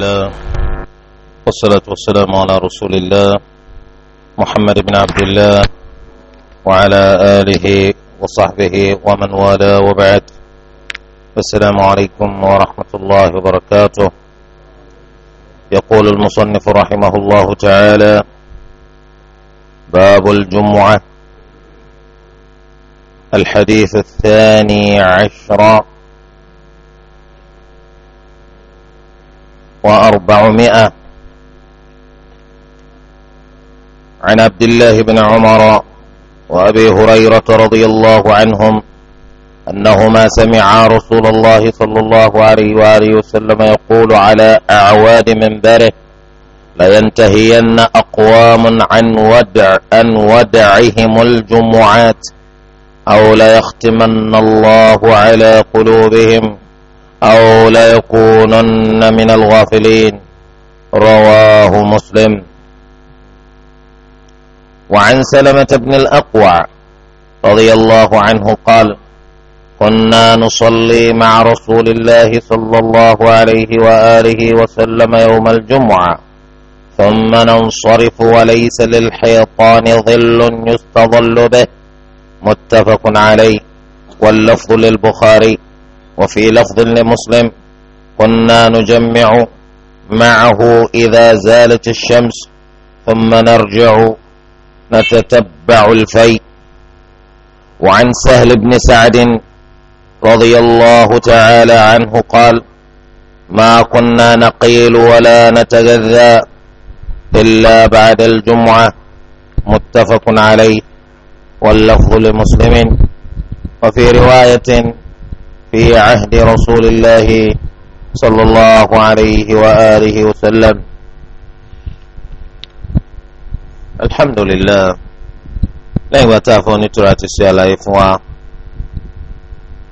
الله والصلاة والسلام على رسول الله محمد بن عبد الله وعلى آله وصحبه ومن والاه وبعد السلام عليكم ورحمة الله وبركاته يقول المصنف رحمه الله تعالى باب الجمعة الحديث الثاني عشر وأربعمائة عن عبد الله بن عمر وأبي هريرة رضي الله عنهم أنهما سمعا رسول الله صلى الله عليه وآله وسلم يقول على أعواد منبره لينتهين أقوام عن ودع أن ودعهم الجمعات أو ليختمن الله على قلوبهم أو ليكونن من الغافلين رواه مسلم وعن سلمة بن الأقوع رضي الله عنه قال كنا نصلي مع رسول الله صلى الله عليه وآله وسلم يوم الجمعة ثم ننصرف وليس للحيطان ظل يستظل به متفق عليه واللفظ للبخاري وفي لفظ لمسلم كنا نجمع معه إذا زالت الشمس ثم نرجع نتتبع الفي وعن سهل بن سعد رضي الله تعالى عنه قال ما كنا نقيل ولا نتغذى إلا بعد الجمعة متفق عليه واللفظ لمسلم وفي رواية في عهد رسول الله صلى الله عليه وآله وسلم الحمد لله lẹ́yìn ìgbà tá a fún nítorí àti ṣe àlàyé fún wa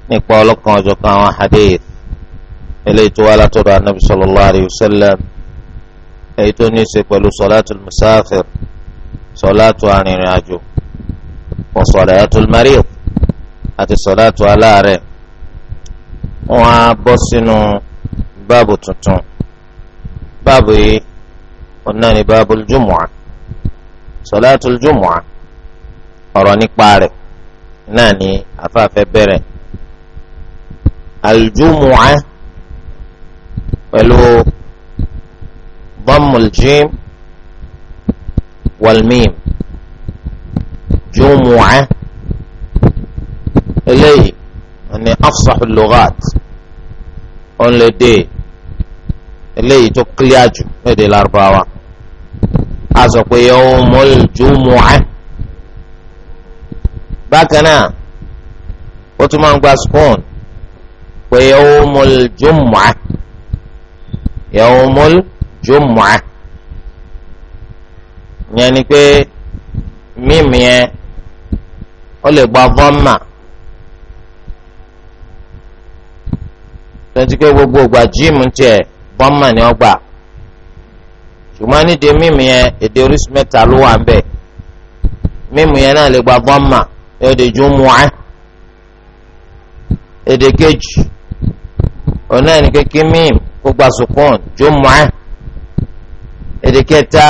nípa ọlọ́kan ọjọ́ kan àwọn hadith eléyìí tó wá látọ̀dọ̀ anabi sallallahu alayhi wa sallam èyí tó ní í ṣe pẹ̀lú sọláàtù musafir sọláàtù arìnrìn àjò wọ́n sọláàtù àti sọláàtù aláàrẹ̀ wọn á bọ́ sínú báàbù tuntun báàbù yìí wọn náà ní báàbù jùmùà sọláàtù jùmùà ọ̀rọ̀ nípa rẹ̀ náà ní afáfẹ́ bẹ̀rẹ̀ aljùmùà pẹ̀lú bọ́mùljìm wàlmìm jùmùà eléyìí wọn ní afsahul lughat onlede eléyìí tó clear jù lédè Lárúbáwá a sọ pé yawmul jumu'ah bákan náà ó tún máa ń gba spoon pé yawmul jumu'ah yawmul jumu'ah yẹn ni pé mímu ó lè gba vọ́ọ̀mà. tẹ́tí pé gbogbo ògbà jíìmù tiẹ̀ bọ́mà ni ọgbà ṣùgbọ́n nídìí mímu yẹn èdè orísun mẹ́ta ló wà ń bẹ̀ mímu yẹn náà lè gba bọ́mà èdè jùmùá èdè kejì ọ̀nà ẹni kékeré mímu kó gba sukùn jùmùá èdè kẹta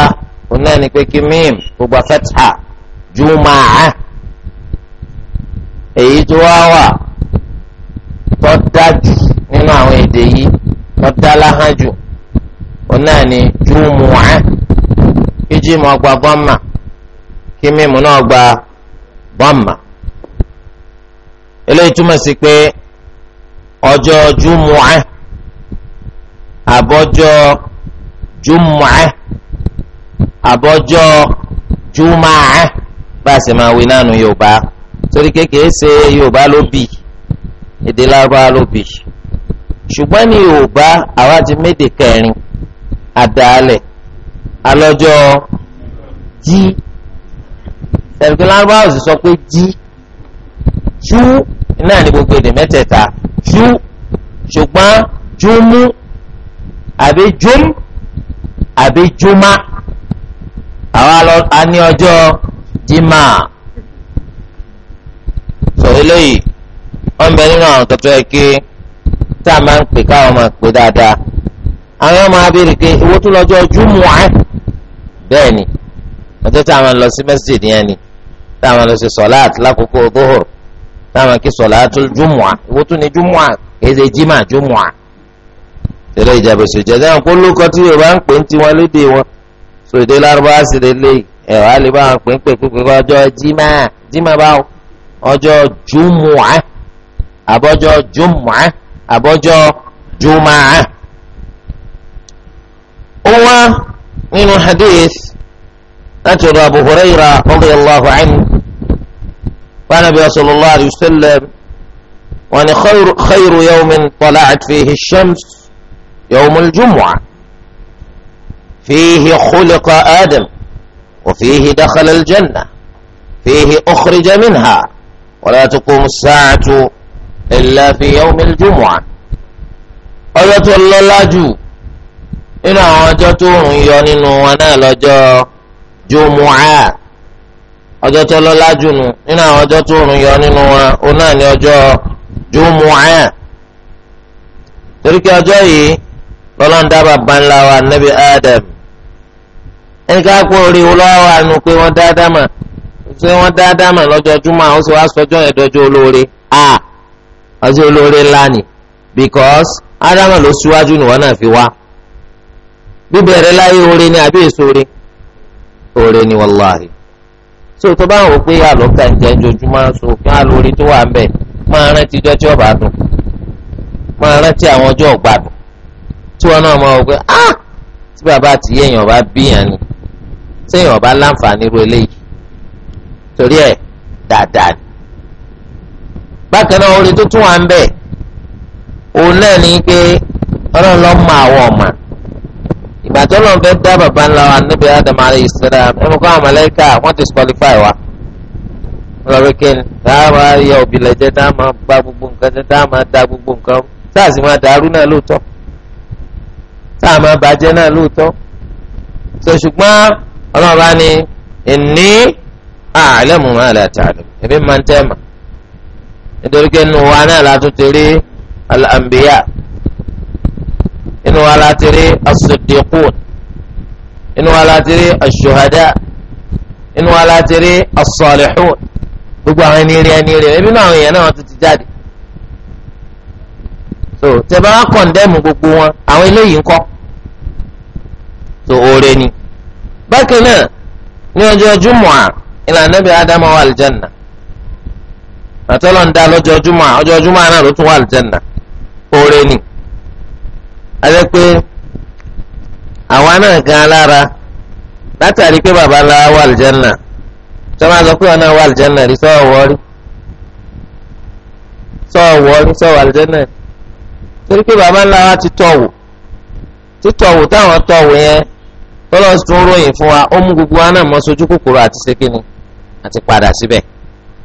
ọ̀nà ẹni kékeré mímu kó gba fẹ́tà jùmùá èyí tó wá wà tó dájú. nínú àwọn èdè yìí wọ́n dá láhàn jù òun náà ni júmùá kí jímọ̀ gba bọ́mà kí mímu náà gba bọ́mà eléyìí túmọ̀ sí pé ọjọ́ àbọ̀jọ́ àbọ̀jọ́ bá a sì máa wí nánu Yorùbá torí kékeré ṣe Yorùbá ló bì èdè ló ṣùgbọ́n ní yorùbá àwa ti méde kẹrin àdáálẹ̀ alọ́jọ́ jí ẹ̀rùkí lárúbáwò sì sọ pé jí jú náà ní gbogbo èdè mẹ́tẹ̀ẹ̀ta jú ṣùgbọ́n júmú àbí júm àbí júmá àwa lọ ní ọjọ́ jímà sọ eléyìí wọ́n bẹ nínú àwọn tó tó tá a máa ń pè káwọn máa pè dáadáa àwọn máa béèrè pé owó tó lọ́jọ́ júmùá bẹ́ẹ̀ ni ọjọ́ tá a máa lọ sí masjid yẹn ni tá a máa lọ sí sọ̀láàt lákòókò dóhùr tá a máa kí sọ̀láàt júmùá owó tó ní júmùá èdè jimá júmùá tẹ́lẹ̀ ìjàbọ̀ sòjà dáhùn kó lóko tí yorùbá ń pè ń tiwọn lóde wọn sòdè lárúbá sì lè lè lè bá wọn pè ń pè pé ọjọ́ jimá jimá báwo ọjọ́ júmùá àbọ̀jọ́ júmùá àbọ́jọ́ jumaa ó wá nínú hadith láti ọ̀dọ̀ Abu Hurayra radiyallahu anhu wa nabi sallallahu alayhi wa sallam wọ́n ní khayru yawmin tala'at fihi shams yawmul jumu'ah fihi khuliqa adam وفيه دخل الجنة فيه أخرج منها ولا تقوم الساعة illa fi ya à ọjọ́ tó lọ jù nínú àwọn ọjọ́ tó ń yọ nínú wọn náà lọ́jọ́ jumu'ah ọjọ́ tó nínú àwọn ọjọ́ tó ń yọ nínú wọn òun náà ní ọjọ́ torí kí ọjọ́ yìí Adam kó àánú pé wọ́n dá pé wọ́n dá lọ́jọ́ àwọn sì wá ẹ̀dọ́jọ́ olóore a. ọsẹ olóore ńlá ni because ádámà ló síwájú nìwọ náà fi wá bíbẹ̀rẹ̀ láyé oore ni àbí èso oore oore ni wàláhì so tó bá wò pé àlọ́kà ń jẹ́ ojoojúmọ́ so kí á lórí tó wà ń bẹ̀ máa rántí ijọ́ tí ọba dùn máa rántí àwọn ọjọ́ ọ̀gbàdùn tí wọn náà máa wò pé ah tí bàbá àti yéèyàn bá bíyàn ni séèyàn bá láǹfààní ru eléyìí torí ẹ̀ dáadáa ni bákan náà orí tó tún wà ń bẹ̀ òun náà ní pé ọlọ́run lọ́ mọ àwọn ọ̀mà ìgbà tó lọ́n fẹ́ dá bàbá ńlá wa níbi Adam alayhi salam ẹnu kọ́ àwọn màláíkà wọ́n ti disqualify wa lọ́rọ̀ kẹ́ni dáhà yọ òbílẹ̀ jẹ́ dáhà máa gba gbogbo nǹkan jẹ́ dáhà máa da gbogbo nǹkan sáà sì máa dàrú náà lóòótọ́ sáà máa bàjẹ́ náà lóòótọ́ sọ ṣùgbọ́n ọlọ́run bá ní inni a'lamu ma la ta'lamu ẹ̀mí máa ń tẹ́ mà nítorí pé inú wa náà la tún ti rí al-anbiya inú wa la ti rí as-siddiqun inú wa la ti rí ash-shuhada inú wa la ti rí as-salihun gbogbo àwọn ẹni rí ẹni rí ẹbí náà àwọn èèyàn náà tún ti jáde so tẹ̀bá wa kọ̀ndẹ́mù gbogbo wọn àwọn eléyìí ń kọ́ so oore ni bákan náà ní ọjọ́ júmọ̀ọ́ ìlànà bí adamu wà aljanna àtọ́lọ̀ ń da lọ́jọ́júmọ́ ọjọ́júmọ́ náà ló tún wà lùjẹ́nà oore ni. adé pé àwa náà gan alára látàrí pé baba ńlá wà lùjẹ́nà tó máa sọ pé wọn náà wà lùjẹ́nà rí sọ́ọ̀ wọ́ọ́rí sọ́ọ̀ wọ́ọ́rí sọ́ọ̀ wà lùjẹ́nà rí torí pé baba ńlá wa ti tọ̀ wò títọ̀ wò táwọn tọ̀ wò yẹn tọ́lọ́sì tún ròyìn fún wa ó mú gbogbo wa náà mọ́ sojú kòkòrò àti ṣe kíni àti padà síbẹ̀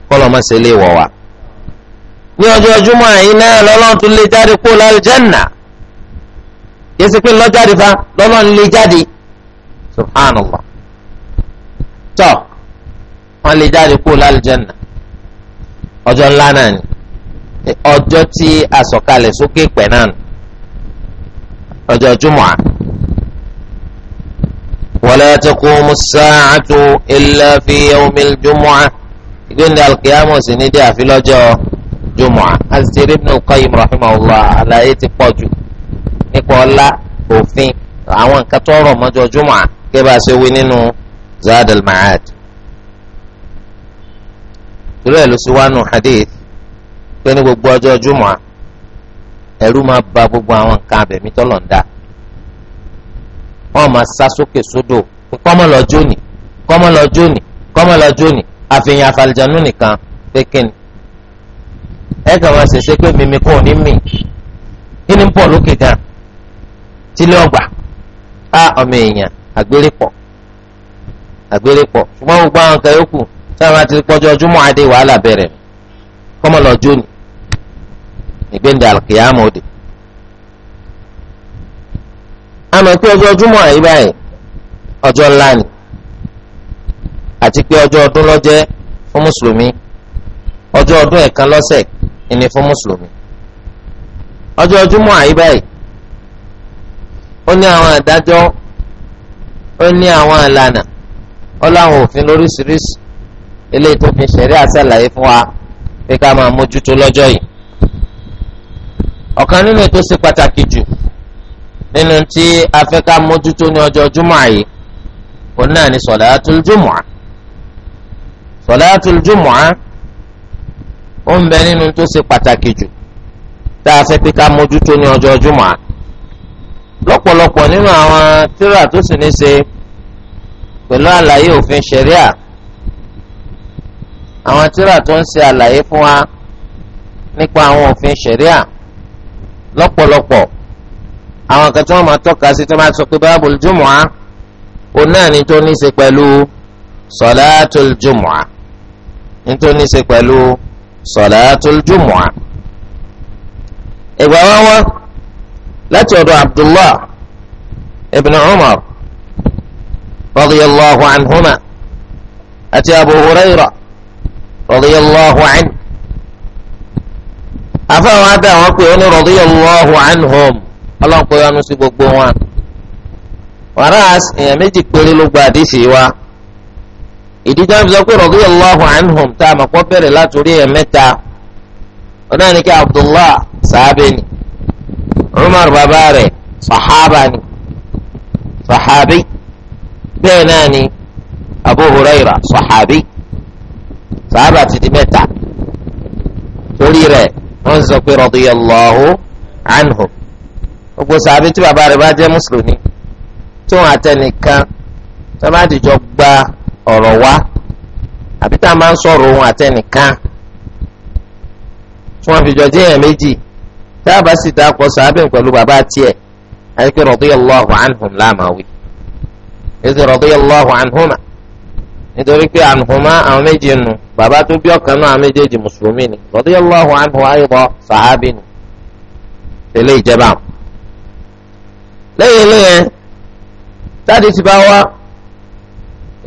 kọ́lọ́ má ṣe lè wọ̀ wá. ní ọjọ́ júmọ́ àyín náà lọ́lọ́run tún lè jáde kó lálùjánnà yẹsẹ pé lọ́jáde fa lọ́lọ́run lè jáde subhanallah tọ́ wọ́n lè jáde kó lálùjánnà ọjọ́ ńlá náà ni ọjọ́ tí àsọ̀kalẹ̀ sókè pẹ̀ náà ni ọjọ́ júmọ́ à. ولا تقوم الساعة إلا في يوم الجمعة ìgbéǹde alkiyama ò sì ní dé àfi lọ́jọ́ jùmọ̀à azizir ibn qayyim rahimahullah àlàyé ti pọ̀ jù nípa ọlá òfin àwọn nǹkan tó rọ̀ mọ́jọ jùmọ̀à kí bá a ṣe wí nínú zadal ma'ad. ìrẹ́ ló sì wá nù hadith pé ní gbogbo ọjọ́ jùmọ̀à ẹ̀rú máa ba gbogbo àwọn nǹkan abẹ̀mí tọ́lọ̀ ń wọ́n máa sá sókè sódò pé kọ́mọ́ lọ àfihàn àfàlìjànú nìkan pékin ẹ kàn wá ṣẹṣẹ pé mímí kò ní mì kí ni pọ̀ lókè gan tílé ọgbà á ọmọ èèyàn àgbélépọ̀ àgbélépọ̀ ṣùgbọ́n gbogbo àwọn kan ti pọ́jọ́ ọjọ́mọ́ adé wàhálà bẹ̀rẹ̀ kọ́mọ ni ìgbéǹde òde. àmọ́ pé ọjọ́ àyíbáyé ọjọ́ ńlá ni. àti pé ọjọ́ ọdún lọ́jẹ́ fún mùsùlùmí ọjọ́ ọdún ẹ̀kan lọ́sẹ̀ ìní fún mùsùlùmí ọjọ́ ọdúnmọ́ àyíbáyìí ó ní àwọn àdájọ́ ó ní àwọn ìlànà ó láwọn òfin lóríṣiríṣi eléyìí tó fi ṣẹ̀rí àṣàlàyé fún wa pé ká máa mójútó lọ́jọ́ yìí ọ̀kan nínú ètò ṣe pàtàkì jù nínú tí a fẹ́ ká mójútó ní ọjọ́ júmọ̀ àyè òun náà ni sọ̀látùl júmọ̀ à sọláàtú jùmọ̀á ó ń bẹ nínú tó ṣe pàtàkì jù tá a fẹ́ pé ká mójútó ní ọjọ́ jùmọ̀á lọ́pọ̀lọpọ̀ nínú àwọn tírà tó sì ní ṣe pẹ̀lú àlàyé òfin ṣẹ̀ríà àwọn tírà tó ń ṣe àlàyé fún wa nípa àwọn òfin ṣẹ̀ríà lọ́pọ̀lọpọ̀ àwọn kan tí wọ́n máa tọ́ka sí tó máa sọ pé báàbùl jùmọ̀á òun náà ni tó ní ṣe pẹ̀lú sọ̀láàtùl jùmọ̀á nítorí ní ṣe pẹ̀lú sọ̀láàtú jùmùà. ìgbà wọn wá láti ọ̀dọ̀ abdullah ibn umar radiyallahu anhuma àti abu huraira radiyallahu anhu afáwọn abẹ àwọn pé oní radiyallahu anhum ọlọ́run pé wọn sí gbogbo wọn. wàrà èèyàn méjì péré ló gba àdìsí wa ìdí tí wọ́n fi sọ pé radiyallahu anhum tá a mọ̀ pọ́ bẹ̀rẹ̀ látòrí ẹ̀ mẹ́ta ọ̀nà ni kí abdullah sàábẹ̀ ni umar bàbá rẹ̀ sàhábà ni sàhábì bẹ́ẹ̀ náà ni abu huraira sàhábì sàhábà ti di mẹ́ta torí rẹ̀ wọ́n sọ pé radiyallahu anhum gbogbo sàábẹ̀ tí bàbá rẹ̀ bá jẹ́ mùsùlùmí tóun àtẹnìkan tó bá ọ̀rọ̀ wá àbí tá a máa ń sọ̀rọ̀ ohun àtẹnìkan tí wọ́n fi jọ jẹ́ méjì tá a bá sì dá akọ sàábẹ̀ pẹ̀lú bàbá tiẹ̀ àti pé radiyallahu anhum láàmáwí ètò radiyallahu anhuma nítorí pé anhuma àwọn méjì nù bàbá tó bí ọ̀kan náà àwọn méjèèjì mùsùlùmí ni radiyallahu anhu ayọ̀bọ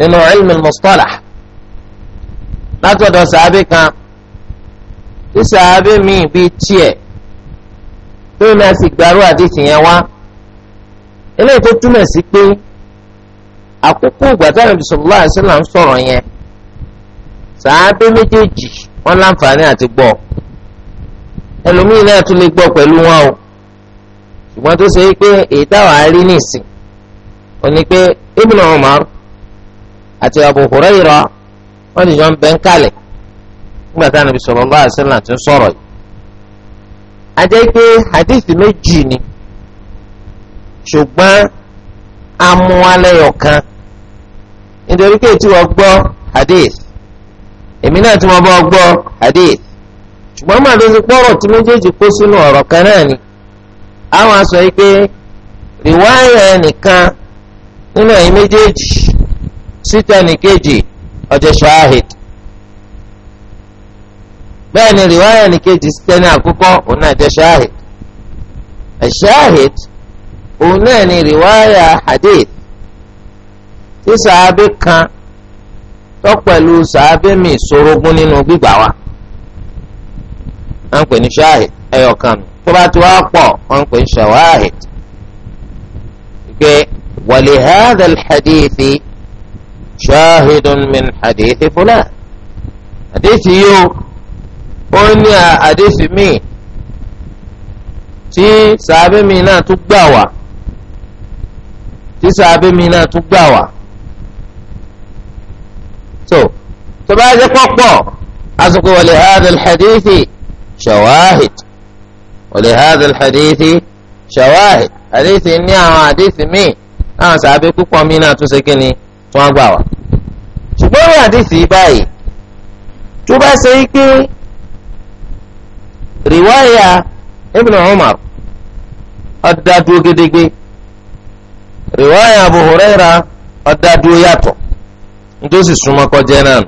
nínú ilmi mustalah látọ̀dọ̀ sàábì kan tí sàábì míì bíi tiẹ̀ tó náà sì gbàrú àdìsí yẹn wá eléyìí tó túmọ̀ sí pé àkókò ìgbà na àṣìlá ń sọ̀rọ̀ yẹn sàábì méjèèjì wọn láǹfààní àti gbọ́ ẹlòmíì náà tún lè gbọ́ pẹ̀lú wọn o ṣùgbọ́n tó ṣe é pé èyí táwọn àárí nìsín àti Abu Hurairah wọ́n ti jọ ń bẹ́ na kalẹ̀ nígbà ti ń sọ̀rọ̀ yìí. ajẹ́ pé hadithi méjì ni ṣùgbọ́n kan nítorí pé tí wọ́n hadith èmi náà tí gbọ́ hadith ṣùgbọ́n màá tó ti pọ̀rọ̀ tí méjèèjì kó sínú ọ̀rọ̀ kan náà ni àwọn aṣọ yìí pé sítẹ̀nì kejì ọjọ́ ṣahid bẹ́ẹ̀ ni rìwáyà ní kejì sítẹ̀nì àkọ́kọ́ òun náà jẹ́ ṣahid ṣahid òun náà ni rìwáyà hadith tí sàábì kan tó pẹ̀lú sàábì mi sorogún nínú gbígbà wa à ń pè ní ṣahid ẹyọkan tó bá ti wá pọ̀ à pè ní ṣawahid pé wàlíhàdàl hadithi. شاهد من حديث فلان حديث يو قلنا حديث مين tí sàbẹ̀ mi náà tún gbà wá tí sàbẹ̀ mi náà tún gbà wá so tó bá jẹ́ pọ́pọ́ asukò wàlẹ̀ hadal hadithi shawahid wàlẹ̀ hadal hadithi shawahid hadithi ní àwọn hadithi mi àwọn sàbẹ̀ púpọ̀ mi náà tún ṣe kí ni wọ́n gbà wá. ṣùgbọ́n ní àdìsí báyìí tó bá ṣe é pé rìwáyà Ibn Umar ọ̀dàdúró gédégbé rìwáyà Abu Huraira ọ̀dàdúró yàtọ̀ nítòsí súnmọ́ kọjá náà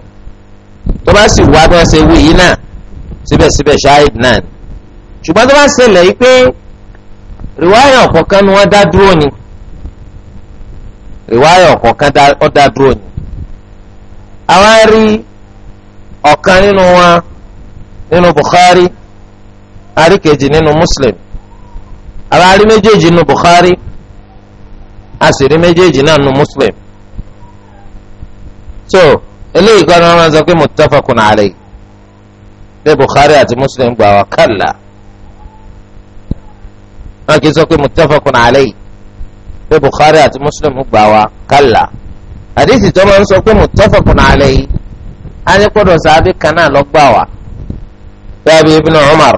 tó bá sì wá bí wọ́n ṣe wí yìí náà síbẹ̀síbẹ̀ ṣááìd náà ṣùgbọ́n tó bá ṣẹlẹ̀ yìí pé rìwáyà ọ̀kọ̀ọ̀kan ni wọ́n dá dúró ni ìwáyà ọ̀kọ̀ọ̀kan ọ̀dà dúró ni. àwa rí ọ̀kan nínú wọn nínú Bukhari àríkejì nínú Muslim àwa rí méjèèjì nínú Bukhari a sì rí méjèèjì náà nínú Muslim. so eléyìí kan náà wọn sọ pé muttafaqun alayhi pé Bukhari àti Muslim gbà wá kàlà wọn kì í sọ pé muttafaqun alayhi pé Bukhari àti Muslim gbà wá kálá àdìsí tó máa ń sọ pé muttafaqun alayhi á ní gbọ́dọ̀ sáábì kan náà lọ gbà wá bẹ́ẹ̀ bí Ibn Umar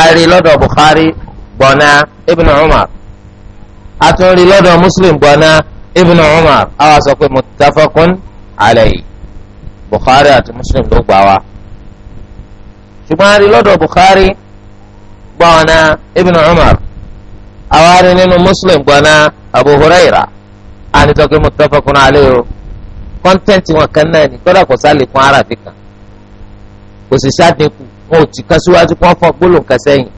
ari lọ́dọ̀ Bukhari gbọ̀nà Ibn Umar àtúnrí lọ́dọ̀ Muslim gbọ̀nà Ibn Umar àwa sọ pé muttafaqun alayhi Bukhari àti Muslim ló gbà wá ṣùgbọ́n ari lọ́dọ̀ Bukhari gbọ̀nà Ibn Umar àwọn arin nínú muslim gbaná abu huraira anitọ́kẹ́ muttafaqun alayhi o kọ́ńtẹ́ǹtì wọn kan náà ní kọ́dà kò sálẹ̀ fún aráàfin kan kò sì sádẹ́kù wọn ò ti kan síwájú kí wọ́n fọ́ gbólóǹkà sẹ́yìn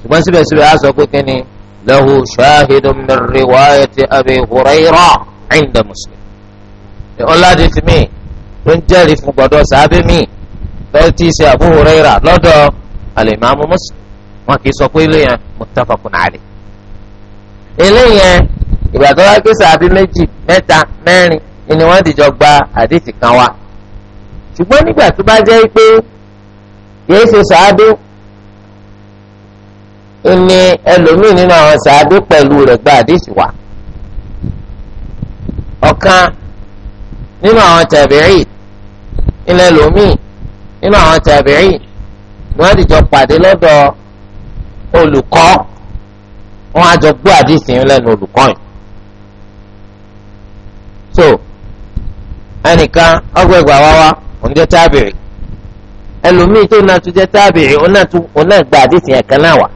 ṣùgbọ́n síbẹ̀síbẹ̀ a sọ pé kí ni lahu shahidun min riwayati abi huraira inda muslim. ọ̀làdì fi mí ló ń jẹ́rìí fún gbọ́dọ̀ sàábì mí lọ́wọ́ tí ì ṣe abu huraira lọ́dọ̀ al muslim wọn kì í sọ pé ilé yẹn muttafaqun alayhi eléyẹn ìgbà tó wá ké sàbí méjì mẹ́ta mẹ́rin ni wọ́n dìjọ gba àdìsí kan wá ṣùgbọ́n nígbà tó bá jẹ́ pé kìí ṣe sàádé ni ẹlòmíì nínú àwọn sàádé pẹ̀lú rẹ̀ gba àdìsí wá ọ̀kan nínú àwọn tàbíì ilẹ̀ ẹlòmíì nínú àwọn tàbíì wọ́n dìjọ pàdé lọ́dọ̀ olùkọ́ wọ́n á gbọ́ àdìsí yín so ẹnìkan wá wá tábìrì tó náà tún tábìrì òun náà gba àdìsí yẹn kan lọ́dọ̀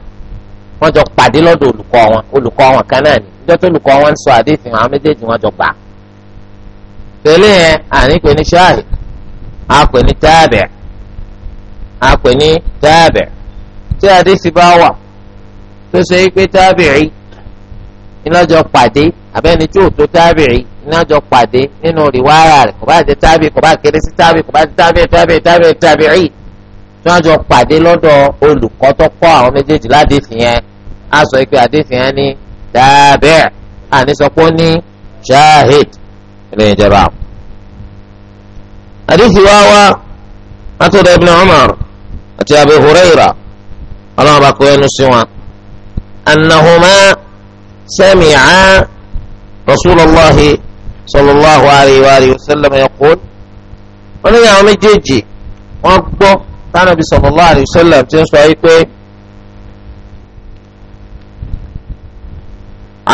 olùkọ́ wọn olùkọ́ wọn kan náà olùkọ́ wọn sọ àdìsí wọn jọ gbà. tẹ̀lé yẹn àníkè ní ṣáàhì àpè ní tábìrì ní tábìrì tí àdìsí bá tó ṣe pé tábìrì ìlọ́jọ́ pàdé abẹ́ni tí ò tó tábìrì ìlọ́jọ́ pàdé nínú rìwáyà rẹ̀ kò bá jẹ́ tábì kò bá kéré sí tábì kò bá jẹ́ tábì tábì tábì tábìrì tí wọ́n jọ pàdé lọ́dọ̀ olùkọ́ tó kọ́ àwọn méjèèjì ládìsí yẹn á shahid ilé ìjọba. àdìsí wa wá látọ̀dọ̀ Ibn Umar àti Abu Hurairah ọlọ́run bá kó ẹnu sí wọn. أنهما سمعا رسول الله صلى الله عليه وآله وسلم يقول wọ́n ní àwọn méjèèjì wọ́n gbọ́ tánàbí sallallahu alaihi wasallam tí ń sọ yìí pé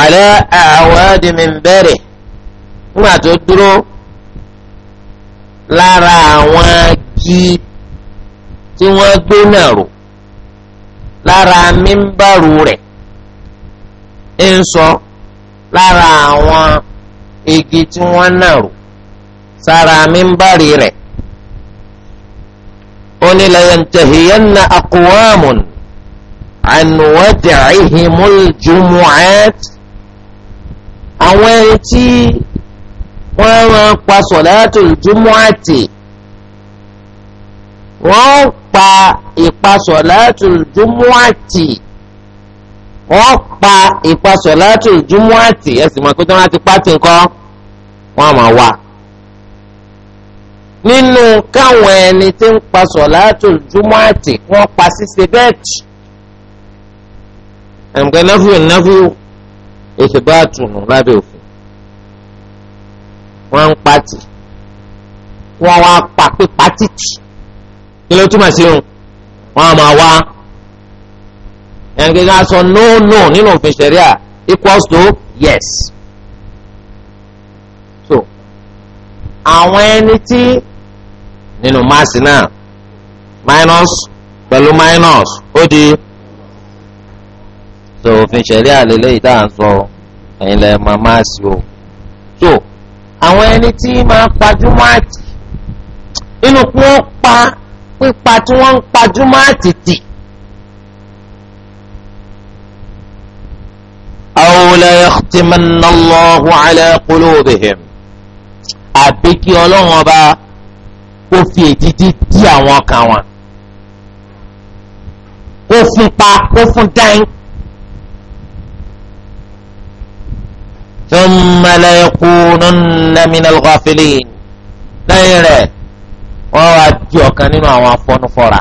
ala a'wadi minbari nígbà tó dúró lára àwọn agi tí wọ́n gbé náà rò lára mímbàrú rẹ̀ ń sọ lára àwọn igi tí wọ́n re. sára mímbàrí rẹ̀ ó ní an wad'ihimul jumu'at àwọn ẹni tí wọ́n máa pa sọ̀láàtùl wọ́n pa ìpa wọ́n pa ìpasọ̀ láti ìjúmọ́ àti ẹ̀sìn mọ̀ pé tí wọ́n á ti pàtì nǹkan wọ́n á máa wà. nínú káwọn ẹni tí ń pasọ̀ láti ìjúmọ́ àti wọ́n pa ṣíṣe bẹ́ẹ̀ tì. ẹ̀ǹkẹ́ náfíù náfíù èsì bá tùnú lábẹ́ òfin. wọ́n ń pàtì wọ́n wá pa pé pàtì tì kí ló túmọ̀ sí òun wọ́n á máa wá ẹnìkan náà sọ no no nínú òfin ṣẹ̀ríà equals to yes. so àwọn ẹni tí nínú máàsì náà minus pẹ̀lú minus ó di so òfin ṣẹ̀ríà lélẹ́yìí tá à ń sọ ẹ̀yin lẹ́ẹ̀ máa máàsì o. so àwọn ẹni tí máa gbajúmọ̀ àti inú kí wọ́n pa pípa tí wọ́n ń gbajúmọ̀ àti tì. aw la yakhtimanna Allahu ala qulubihim àbí kí ọlọ́run ọba kó fi ètítí tí àwọn ọkàn wọn kó fún pa kó fún dáin. thumma la yakununna minal ghafilin lẹ́yìn rẹ̀ wọ́n wá di ọ̀kan nínú àwọn afọ́nufọ́ra.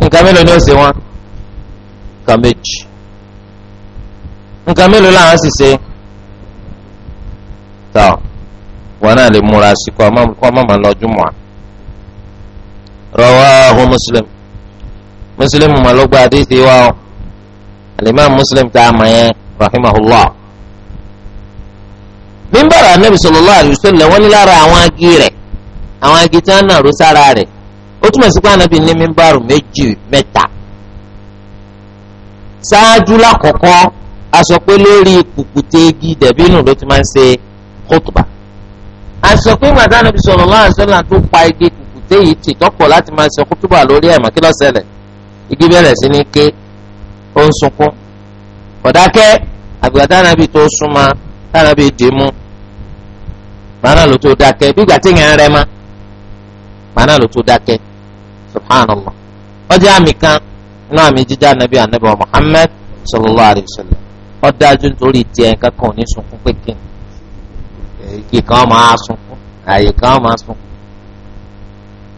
nǹkan mélòó ni ó ṣe wọn? nǹkan méjì nǹkan mélòó làwọn sì ṣe tọ wọn náà lè múra sí kọ ọmọ màá lọ jùmọ̀ rawahu Muslim Muslim mà ló gba àdéhìí wa ọ alimami Muslim tá a mọ̀ yẹn rahimahullah mímbàrà anabi sallallahu alaihi wasallam wọn ní lára àwọn agi rẹ̀ àwọn agi tí wọn náà ró sára rẹ̀ ó túmọ̀ sí pé anabi ní mímbàrù méjì mẹ́ta ṣáájú lákọ̀ọ́kọ́ a sọ pé lórí kùkùté igi dẹ̀bínú ló ti máa ń ṣe kótóbà a sọ pé màdánù bí sọ̀rọ̀ lọ́wọ́ àṣẹlẹ̀ tó pa igi kùkùté yìí tì tọ́pọ̀ láti máa ṣe kótóbà lórí ẹ̀mọ́ kí ló ṣẹlẹ̀ igi bẹ̀rẹ̀ sí ní ké ó ń sunkún kọ̀dákẹ́ àgbàdánàbí tó súnmọ́ dánàbí dìímú màánà ló tó dákẹ́ bí ìgbà tí yẹn rẹ ma màánà ló tó dákẹ́ subhanallah ọjà àmì kan náà àmì jíjá Muhammad sallallahu alayhi wa sallam ọdájú nítorí tiẹ̀ kankan ò ní sunkún pé kí èyí kan máa sunkún àyè kan máa sunkún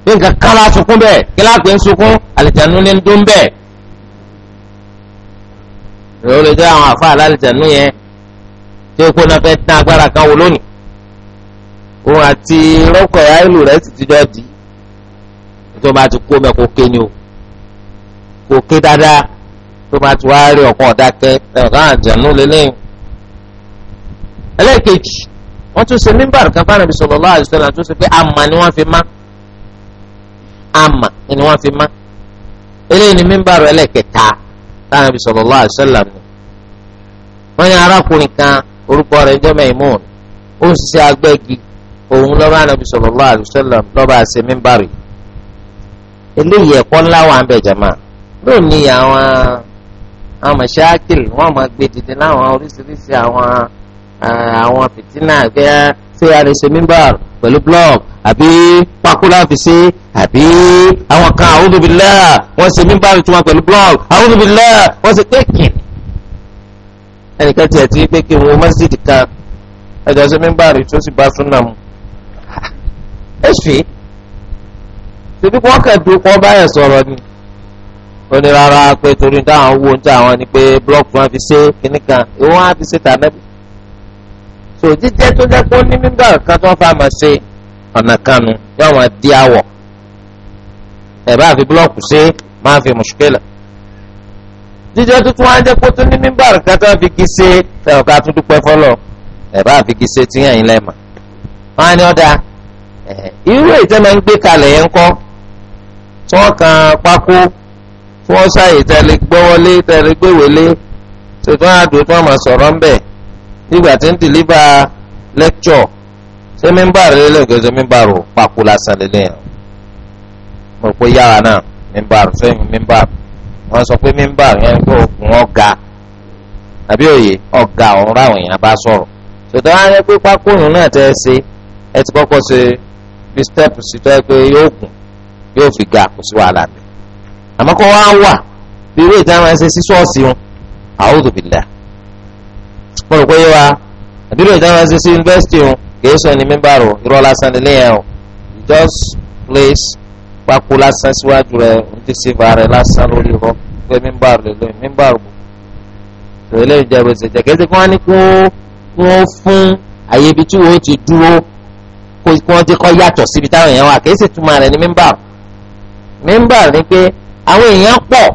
bí nǹkan kan la sunkún bẹ́ẹ̀ kí láàpẹ ń sunkún àlìjánu ní ń dún bẹ́ẹ̀ rẹ ó lè jẹ àwọn àfa àlàlìjánu yẹn tí ó kó náà fẹ́ dín agbára kan wò lónìí òun àti rọ́kọ̀ ẹ̀yà rẹ̀ sì ti jọ di tó bá ti kó mẹ́kọ̀ọ́ ké o kò ké dáadáa tó bá ti wá rí ọkàn ọ̀dákẹ́ ẹ̀rọ̀kan àjànú lélẹ́yìn. ẹlẹ́ẹ̀kejì wọ́n tún ṣe mímbàrú kan bá nàbí sallallahu alaihi wasallam tó ṣe pé àmà ni wọ́n fi má àmà ni wọ́n fi má eléyìí ni mímbàrú ẹlẹ́ẹ̀kẹta bá nàbí sallallahu alaihi wasallam ni. wọ́n ní arákùnrin kan orúkọ rẹ̀ jẹ́ Maimun ó ń ṣiṣẹ́ agbẹ́gi òun lọ́ba nàbí sallallahu alaihi wasallam lọ́ba àwọn mọ̀ṣáàkìlì wọ́n máa gbé dìde láwọn oríṣiríṣi àwọn àwọn fìtínà gbé ṣé a lè ṣe mímbà pẹ̀lú blọọ̀k àbí pákúlà fìṣe àbí àwọn kan a'udhu billah wọ́n ṣe mímbà tiwọn pẹ̀lú blọọ̀k a'udhu billah wọ́n ṣe kéèkì. ẹnìkan tiẹ̀ ti pé kí n wo mọ́sídìí kan ẹ̀jọ̀ ṣe mímbà rẹ̀ tó sì bá súnà mu. ẹ ṣe ṣe bí wọ́n kẹ́ dúró kọ́ báyẹ̀ ni ó ní rárá pé torí táwọn wo níta àwọn ni pé búlọ́ọ̀kù wọn fi ṣe kínní kan ìwọ́n wọn á fi ṣe tànẹ́bù. sò jíjẹ tó jẹ́ pé ó ní nígbà kan tó ń fa àmọ̀ ṣe ọ̀nà kanu yóò wọn di àwọ̀ ẹ̀ bá fi búlọ́ọ̀kù ṣe máa fi mùṣkílà. jíjẹ tuntun wọn á jẹ́ pé ó tún ní nígbà kan tó ń fi kí ṣe fẹ́ràn ká tún dúpẹ́ fọ́lọ̀ ẹ̀ bá fi kí ṣe tíyàn yín lẹ́ẹ̀mà. wọn á ní ọ̀dà fún ọ́sàyè tẹ́lẹ̀ gbọ́wọ́lé tẹ́lẹ̀ gbéwèlé ṣùgbọ́n àdùn tó máa sọ̀rọ̀ ń bẹ̀ nígbà tí ń dìlíbà lẹ́kṣọ̀ ṣé mímbàrò lélẹ̀ òkè ṣe mímbàrò pàkó lásán lélẹ̀ yẹn mo pé yàrá náà mímbàrò sẹ́yìn mímbàrò wọ́n sọ pé mímbàrò yẹn pé òkun ọ̀gá àbí òye ọ̀gá ọ̀hún ráwọn èèyàn bá sọ̀rọ̀ ṣùgbọ́n á yẹ pé pákó òun náà tẹ́ ẹ ṣe ẹ ti kọ́kọ́ ṣe bí stẹ́pù sí tọ́ pé yóò gùn yóò fi ga kò sí wàhálà mi àmọ́ kọ́ wá wà bí irú ìta máa ń ṣe sí ṣọ́ọ̀ṣì wọn a'udhu billah mo rò pé yé wa àbí irú ìta máa ń ṣe sí yunifásitì wọn kìí sọ ní mímbàrò irọ́ lásán nílé yẹn o just place pákó lásán síwájú rẹ ń ti ṣe bàárẹ̀ lásán lórí irọ́ pé mímbàrò lè lóyún mímbàrò bò lè lóyún jẹ́ bó ṣe jẹ́ kẹ́sì kí wọ́n ní kó wọ́n fún àyè ibi tí wọ́n ti dúró kó wọ́n ti kọ́ yàtọ̀ síbi táwọn èèyàn wà kìí sì túmọ̀ rẹ̀ ní mímbàrò mímbàrò ni pé àwọn èèyàn pọ̀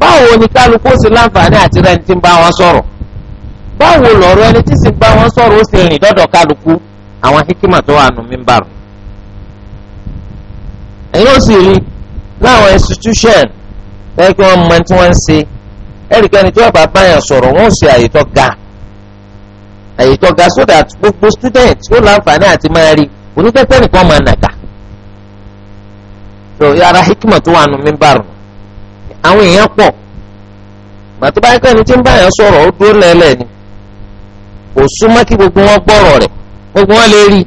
báwo ni kálukú ó sì láǹfààní àti rẹ ti ń bá wọn sọ̀rọ̀ báwo lọ̀rọ̀ ẹni tí sì ń bá wọn sọ̀rọ̀ ó sì rìn dọ́dọ̀ kálukú àwọn hikima tó wà nù mímbàrù ẹ̀yin ó sì rí láwọn institution bẹ́ẹ̀ kí wọ́n mọ tí wọ́n ń ṣe ẹ̀ríkẹ́ni tí wọ́n bá báyàn sọ̀rọ̀ wọ́n ó àyè tó ga àyè tó ga so that gbogbo student ó láǹfààní àti máa rí onígbẹ́pẹ́ nìkan máa nàgà so yàrá hikima tó wà nù mímbàrún àwọn èèyàn pọ̀ báyìí tí ni kò súnmọ́ kí gbogbo wọn gbọ́rọ̀ rẹ̀ gbogbo wọn lè rí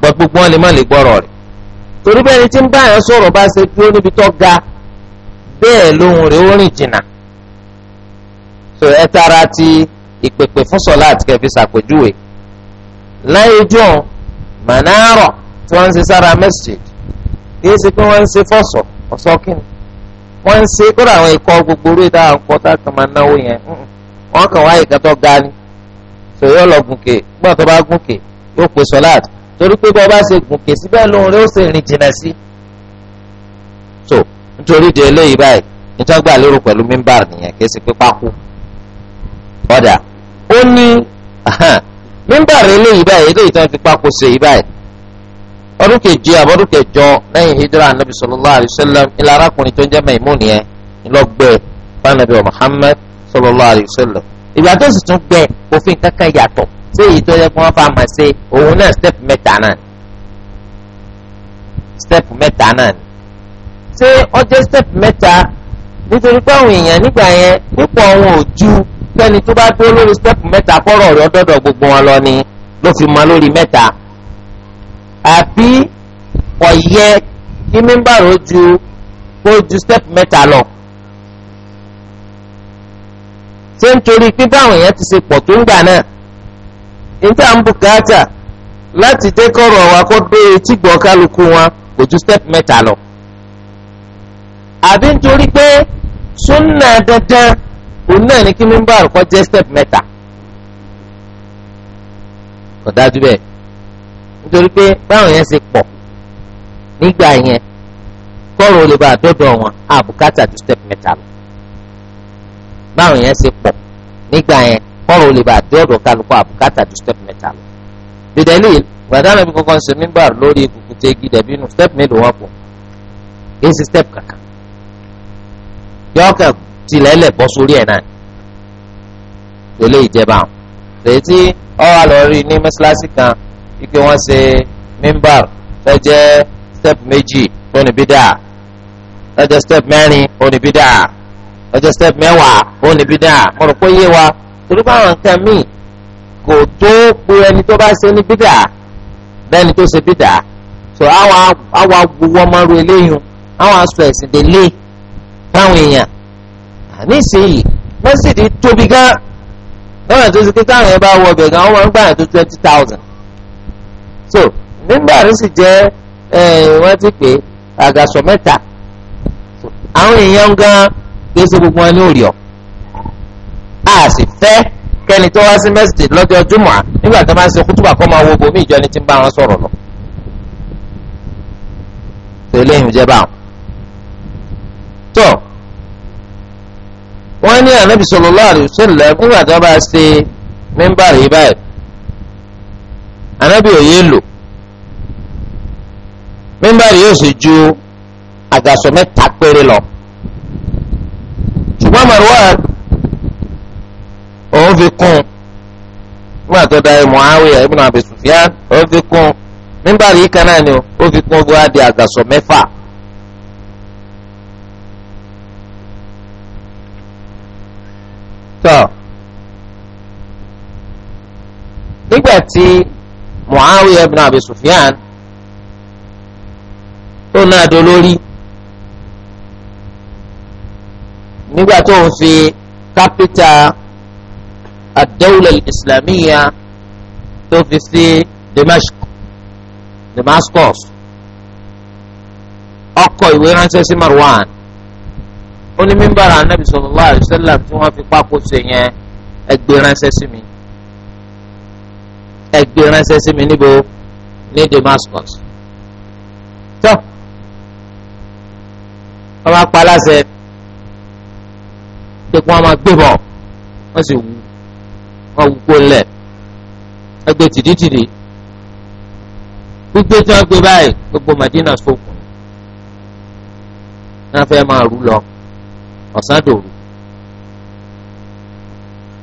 gbogbo wọn lè má lè gbọ́rọ̀ torí bẹ́ẹ̀ ni tí ń bá sọ̀rọ̀ bá ṣe dúró níbi ga bẹ́ẹ̀ rẹ̀ ó rìn jìnnà so ẹ tara ti ìpèpè fún sọlá àti kẹfì láyé jọ mànàárọ̀ tí wọ́n ń ṣe kìí ṣe pé wọ́n ń ṣe fọ́sọ̀ ọ̀sọ́ kínni wọ́n ń ṣe kódà àwọn ikọ̀ gbogbo orí ìdá ọkọ̀ tá a kàn máa náwó yẹn wọ́n kàn wá ìkan tó ga ni sọ yóò lọ gùnkè gbọ́ tó bá gùnkè yóò pè sọ́láàtì torí pé bọ́ bá ṣe gùnkè síbẹ̀ lóhun rẹ̀ ó sì rìn jìnnà sí. so nítorí di eléyìí báyìí nítorí gbà lérò pẹ̀lú mímbàr nìyẹn kìí ṣe pé pákó ọ̀dà ó ní mímbàr eléyìí báyìí eléyìí tó ń fi báyìí ọdún keje àbọ̀dún kẹjọ lẹ́yìn hijra anabi sallallahu alayhi wa sallam ilà arákùnrin tó ń jẹ́ Maimun yẹn ńlọgbẹ́ fanabi Muhammad sallallahu alayhi wa sallam ìgbà tó sì tún gbẹ òfin kankan yàtọ̀ sí èyí tó yẹ kí wọ́n fa àmà ṣe òun náà step mẹ́ta náà step mẹ́ta náà ṣé ọjọ́ step mẹ́ta nítorí pé àwọn èèyàn nígbà yẹn nípò àwọn òjú kẹ́ni tó bá dúró lórí step mẹ́ta kọ́rọ̀ rẹ̀ ọdọ́dọ̀ gbogbo wọn lọ ni ló fi mọ lórí mẹ́ta àbí ọ̀yẹ kí mímbàrò ju kó ju step mẹ́ta lọ. ṣé nítorí pé báwọn èèyàn ti ṣe pọ̀ tó ń gbà náà níta ń bùkátà láti dé kọ́rọ̀ wa kó dé etí gbọ́ kálukú wọn kò ju step mẹ́ta lọ. àbí nítorí pé súnà dandan òun náà ní kí mímbàrò kó jẹ́ step mẹ́ta. kò dájú bẹ́ẹ̀ nítorí pé báwọn yẹn ṣe pọ̀ nígbà yẹn kọ́rọ̀ olè bá àdọ́dọ̀ wọn àbùkátà ju step mẹ́ta lọ báwọn yẹn ṣe pọ̀ nígbà yẹn kọ́rọ̀ olè bá àdọ́dọ̀ kálukọ́ àbùkátà ju step mẹ́ta lọ. bìdẹ́lì gbàdánù bí kankan ṣe mímbà lórí kùkùté igi dẹ̀bí inú step mélòó wọn kù kì ṣe step kankan yọ̀ọ́kẹ́ tilẹ̀lẹ̀ bọ́ sórí ẹ̀ náà lólè ìjẹba àwọn tètè ọ̀ wà lọ rí kan wípé wọ́n ṣe mímbàr tó jẹ́ step méjì oníbídà tó jẹ́ step mẹ́rin oníbídà tó jẹ́ step mẹ́wàá oníbídà mo rò pé yé wa torí pé àwọn nǹkan míì kò tó pé ẹni tó bá ṣe ní bídà bẹ́ẹ̀ni tó ṣe bídà so àwọn àwọn agbowó máa ro eléyìí àwọn aṣọ ẹ̀sìn délé táwọn èèyàn nísìnyí mẹ́sìdì tóbi gan lọ́nà tó ṣe pé táwọn ẹ̀ bá wọ ọbẹ̀ gan wọ́n máa ń gbà tó twenty thousand so nígbà tó sì jẹ́ wọ́n ti pè àgàsọ mẹ́ta àwọn èèyàn gan kìí ṣe gbogbo wọn ní òrìọ a sì fẹ́ kẹ́ni tó wá sí mẹsìtì lọ́jọ́ jùmọ̀ nígbà tó máa ń ṣe kútùbà kó máa wo bomi ìjọ ni ti ń bá wọn sọ̀rọ̀ lọ tó eléyìí jẹ́ báwọn. tó wọ́n ní ànábì sallallahu alaihi wasallam nígbà tó bá ṣe mímbàrí báyìí ànábì òye lò mímbàrí yóò sì ju àgàsọ mẹ́ta péré lọ ṣùgbọ́n Marwan òun fi kún nígbà tó darí Muawiya ibn Abi Sufyan òun fi kún mímbàrí yìí kan náà ni ó fi kún fún adi àgàsọ mẹ́fà. tọ́ nígbà tí muawiya ibn abi sufyan tó náà dolórí nígbà tó ń fi kápítà àdéhùlẹ̀ ìsìlámíyà tó fi sí damascus ọkọ̀ ìwé ránṣẹ́ sí marwan ó ní mímbàrà anabi sallallahu alaihi wasallam tí wọ́n fi pákó ṣe yẹn ẹgbẹ́ ránṣẹ́ sí mi ẹgbẹ́ ránṣẹ́ sí mi níbo ní Damascus tó wọ́n bá pa aláṣẹ pé kí wọ́n máa gbé bọ̀ wọ́n sì wú wọ́n wú kó lẹ̀ ẹgbẹ́ tìdítìdì gbígbé tí wọ́n gbé báyìí gbogbo Madina sókun náà fẹ́ máa rú lọ ọ̀sán dòru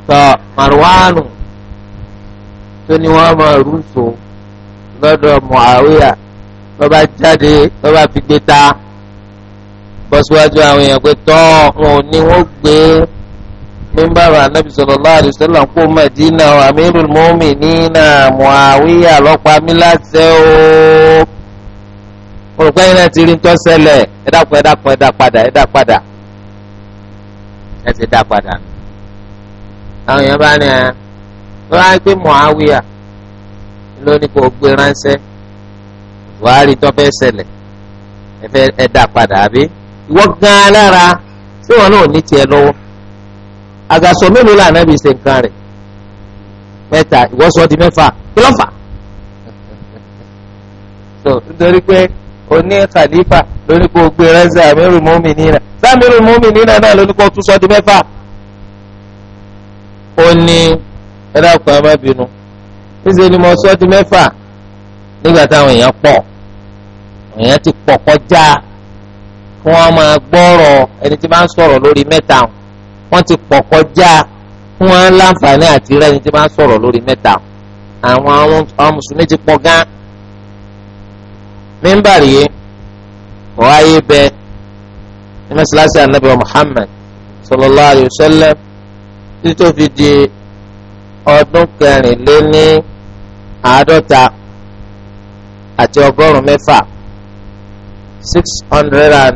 tó Marwanu tó ní wọ́n máa rúṣò lọ́dọ̀ Muawiya lọ́ba jáde lọ́ba fi gbé ta bọ́síwájú àwọn èèyàn pé tọ́ òun ni wọ́n gbé mímbàrà anábì sallallahu alaihi wasallam kó Madina Amirul Mu'minina Muawiya lọ́pàá mi láṣẹ o olùkọ́ yìí náà ti rí ntọ́ ṣẹlẹ̀ ẹ dákun ẹ dákun ẹ dá àwọn èèyàn bá ní ẹ lọ́la pé Muawiya ló ní kó gbé ránṣẹ́ buhari tó fẹ́ ṣẹlẹ̀ ẹ fẹ́ ẹ dá padà àbí ìwọ gan lára tí wọn náà ní tiẹ̀ lọ́wọ́ àgàsọ mélòó lànà bí ṣe nǹkan rẹ̀ mẹ́ta ìwọ sọ di mẹ́fà kí ló fà so nítorí pé oní kàlífà ló ní kó gbé ránṣẹ́ àmírù mọ́mì nínà sáàmírù mọ́mì nínà náà ló ní kó tún sọ di mẹ́fà ó ní ẹ dákun ẹ má bínú níṣẹ́ ni mo sọ di mẹ́fà nígbà táwọn èèyàn pọ̀ èèyàn ti pọ̀ kọjá kí wọ́n máa gbọ́rọ̀ ẹni tí máa ń sọ̀rọ̀ lórí mẹ́ta wọ́n ti pọ̀ kọjá kí wọ́n láǹfààní àti rẹ́ ẹni tí máa ń sọ̀rọ̀ lórí mẹ́ta àwọn àwọn mùsùlùmí ti pọ̀ gan. mímbàrí yìí kò ayé bẹ ní mẹ́sàlásì ànábì Muhammad sallallahu alayhi wa sallam títí fi di ọdún kẹrìnléní àádọ́ta àti ọgọ́rùn-ún mẹ́fà six hundred and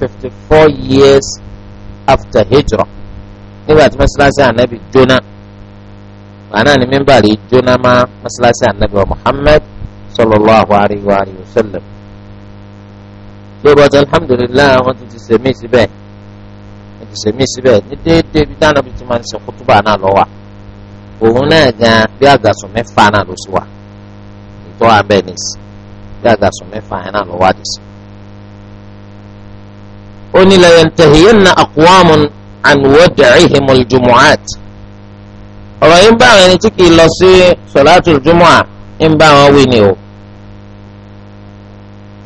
fifty four years after hijra nígbà tí mọ́sálásí ànábì jóná àná ni mímbàrí jóná má mọ́sálásí ànábì wa Muhammad sallallahu alayhi wa alihi wa sallam lóòbọ̀tà alhamdulilayi wọn tún ti sèmí síbẹ̀ ti sèmí síbẹ̀ ní déédéé bí dáná bí ti máa ń ṣe kútúbà náà lọ́wọ́ òun náà gan bí àgàsùn mẹ́fà náà ló sì wà nítorí abẹ́ nìsí bí àgàsùn mẹ́fà yẹn náà ló wà nìsí. ó ní la yantahiyanna aqwamun an wad'ihimul jumu'at ọ̀rọ̀ yìí ń bá àwọn ẹni tí kìí lọ sí sọ̀láàtù jumu'a ń bá àwọn wí ni o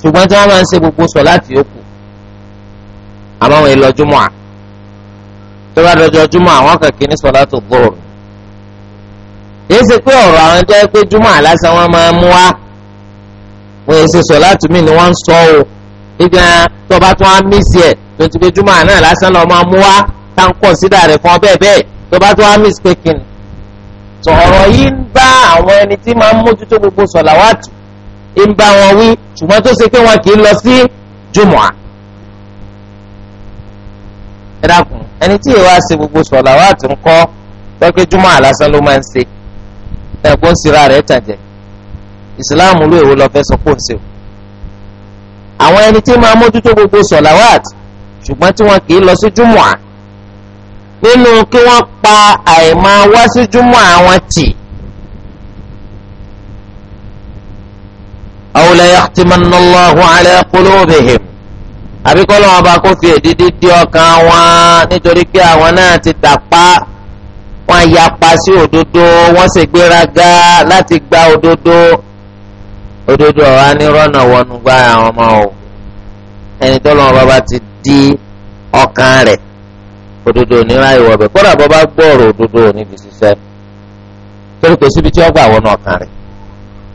ṣùgbọ́n tí wọ́n máa ń ṣe gbogbo sọ̀láàtì yòókù àmọ́ wọn ì tó bá dọjọ́ jumu'a àwọn kàkí ní sọ̀láàtù dhuhr èyí ṣe pé ọ̀rọ̀ àwọn tó yẹ pé júmọ̀ àlásán wọn máa mú wá wọn èyí ṣe sọ láti mí ni wọ́n ń sọ o nígbà tó bá tún á mísì ẹ̀ tó ti pé júmọ̀ àná lásán lọ́ọ́ máa mú wá tá ń kọ̀nsídà rẹ̀ fún ọ bẹ́ẹ̀ bẹ́ẹ̀ tó bá tún á mísì pé kìnnì. sọ ọ̀rọ̀ yìí ń bá àwọn ẹni tí máa ń mójútó gbogbo sọ̀làwátù ń bá wọn wí ṣùgbọ́n tó ṣe pé wọn kì í lọ sí júmọ̀ à. ẹ dákun ẹni tí èèwà ṣe gbogbo sọ̀làwátù ń kọ́ pé júmọ̀ àlásán ló máa ń ṣe ẹ̀gbọ́n sira rẹ̀ tàjẹ́ ìsìláàmù ló èwo lọ fẹ́ sọ pò ń ṣe o. àwọn ẹni tí máa mójútó gbogbo sọ̀làwàt ṣùgbọ́n tí wọn kì í lọ sí júmọ̀à nínú kí wọ́n pa àìmọ́ wá sí júmọ̀à wọn tì. aw la yahtimanna Allahu ala qulubihim àbíkọ́ lọ́wọ́ bá kó fi èdìdí di ọkàn wọn nítorí pé àwọn náà ti tàpá wọ́n yapa sí òdodo wọ́n sì gbéraga láti gba òdodo òdodo ọ̀hà ní rọ́nà wọnú gba àwọn ọmọ o ẹni tó lọ́wọ́ bàbá ti di ọkàn rẹ̀ òdodo onírà ìwọ̀ bẹ̀ kódà bàbá gbọ́ọ̀rọ̀ òdodo níbi ṣiṣẹ́ torí kò síbi tí wọ́n gbà wọnú ọkàn rẹ̀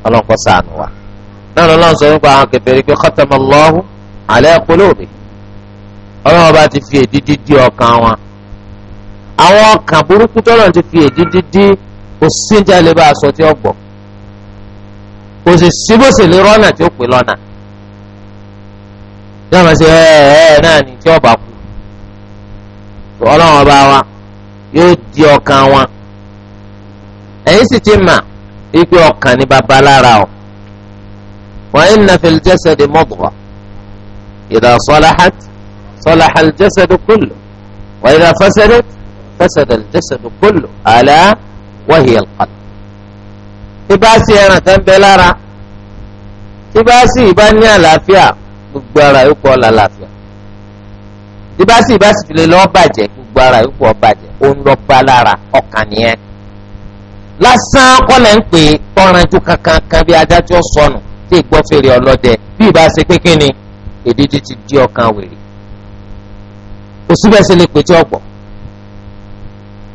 ọlọ́nkọ́ sànù wa náà lọ́nà sọ nípa àwọn kèfèrí pé khatamallahu ala qulubi ọlọ́wọ́ di ọkàn wọn àwọn ọkàn burúkú tọ́lọ̀ ti fi èdè dídí kò sí níjà lè bá aṣọ tí ó gbọ̀ kò sì sí bó sì lè rọ́nà tí ó pè lọ́nà tí wọ́n ṣe ẹ̀ẹ́ náà ní tí ọba kú ọlọ́run ọba wa yóò di ọkàn wọn ẹ̀yin sì ti mà ipe ọkàn ní babalára o wa inna fil jasadi mudghah idha salahat salaha al jasadu kulluh wa idha fasadat. فسد الجسد كله ألا وهي القلب ìbáṣe ẹran tẹ́ ń bẹ lára ìbáṣe ìbá ní àlàáfíà gbogbo ara yóò kọ́ la àlàáfíà ìbáṣe ìbáṣe fi lè lọ́ọ́ bàjẹ́ gbogbo ara yóò kọ́ bàjẹ́ ó ń lọ bá lára ọkàn nìyẹn lásán kọ́lẹ̀ ń pè tọ́ranjú kankan kan bí adájọ́ sọnù tí ìgbọ́ fèrè ọlọ́dẹ bí ìbáṣe pé kí ni èdè ti di ọkàn wèrè òsínbẹ́sẹ̀ lè pè tí ọ̀gbọ̀n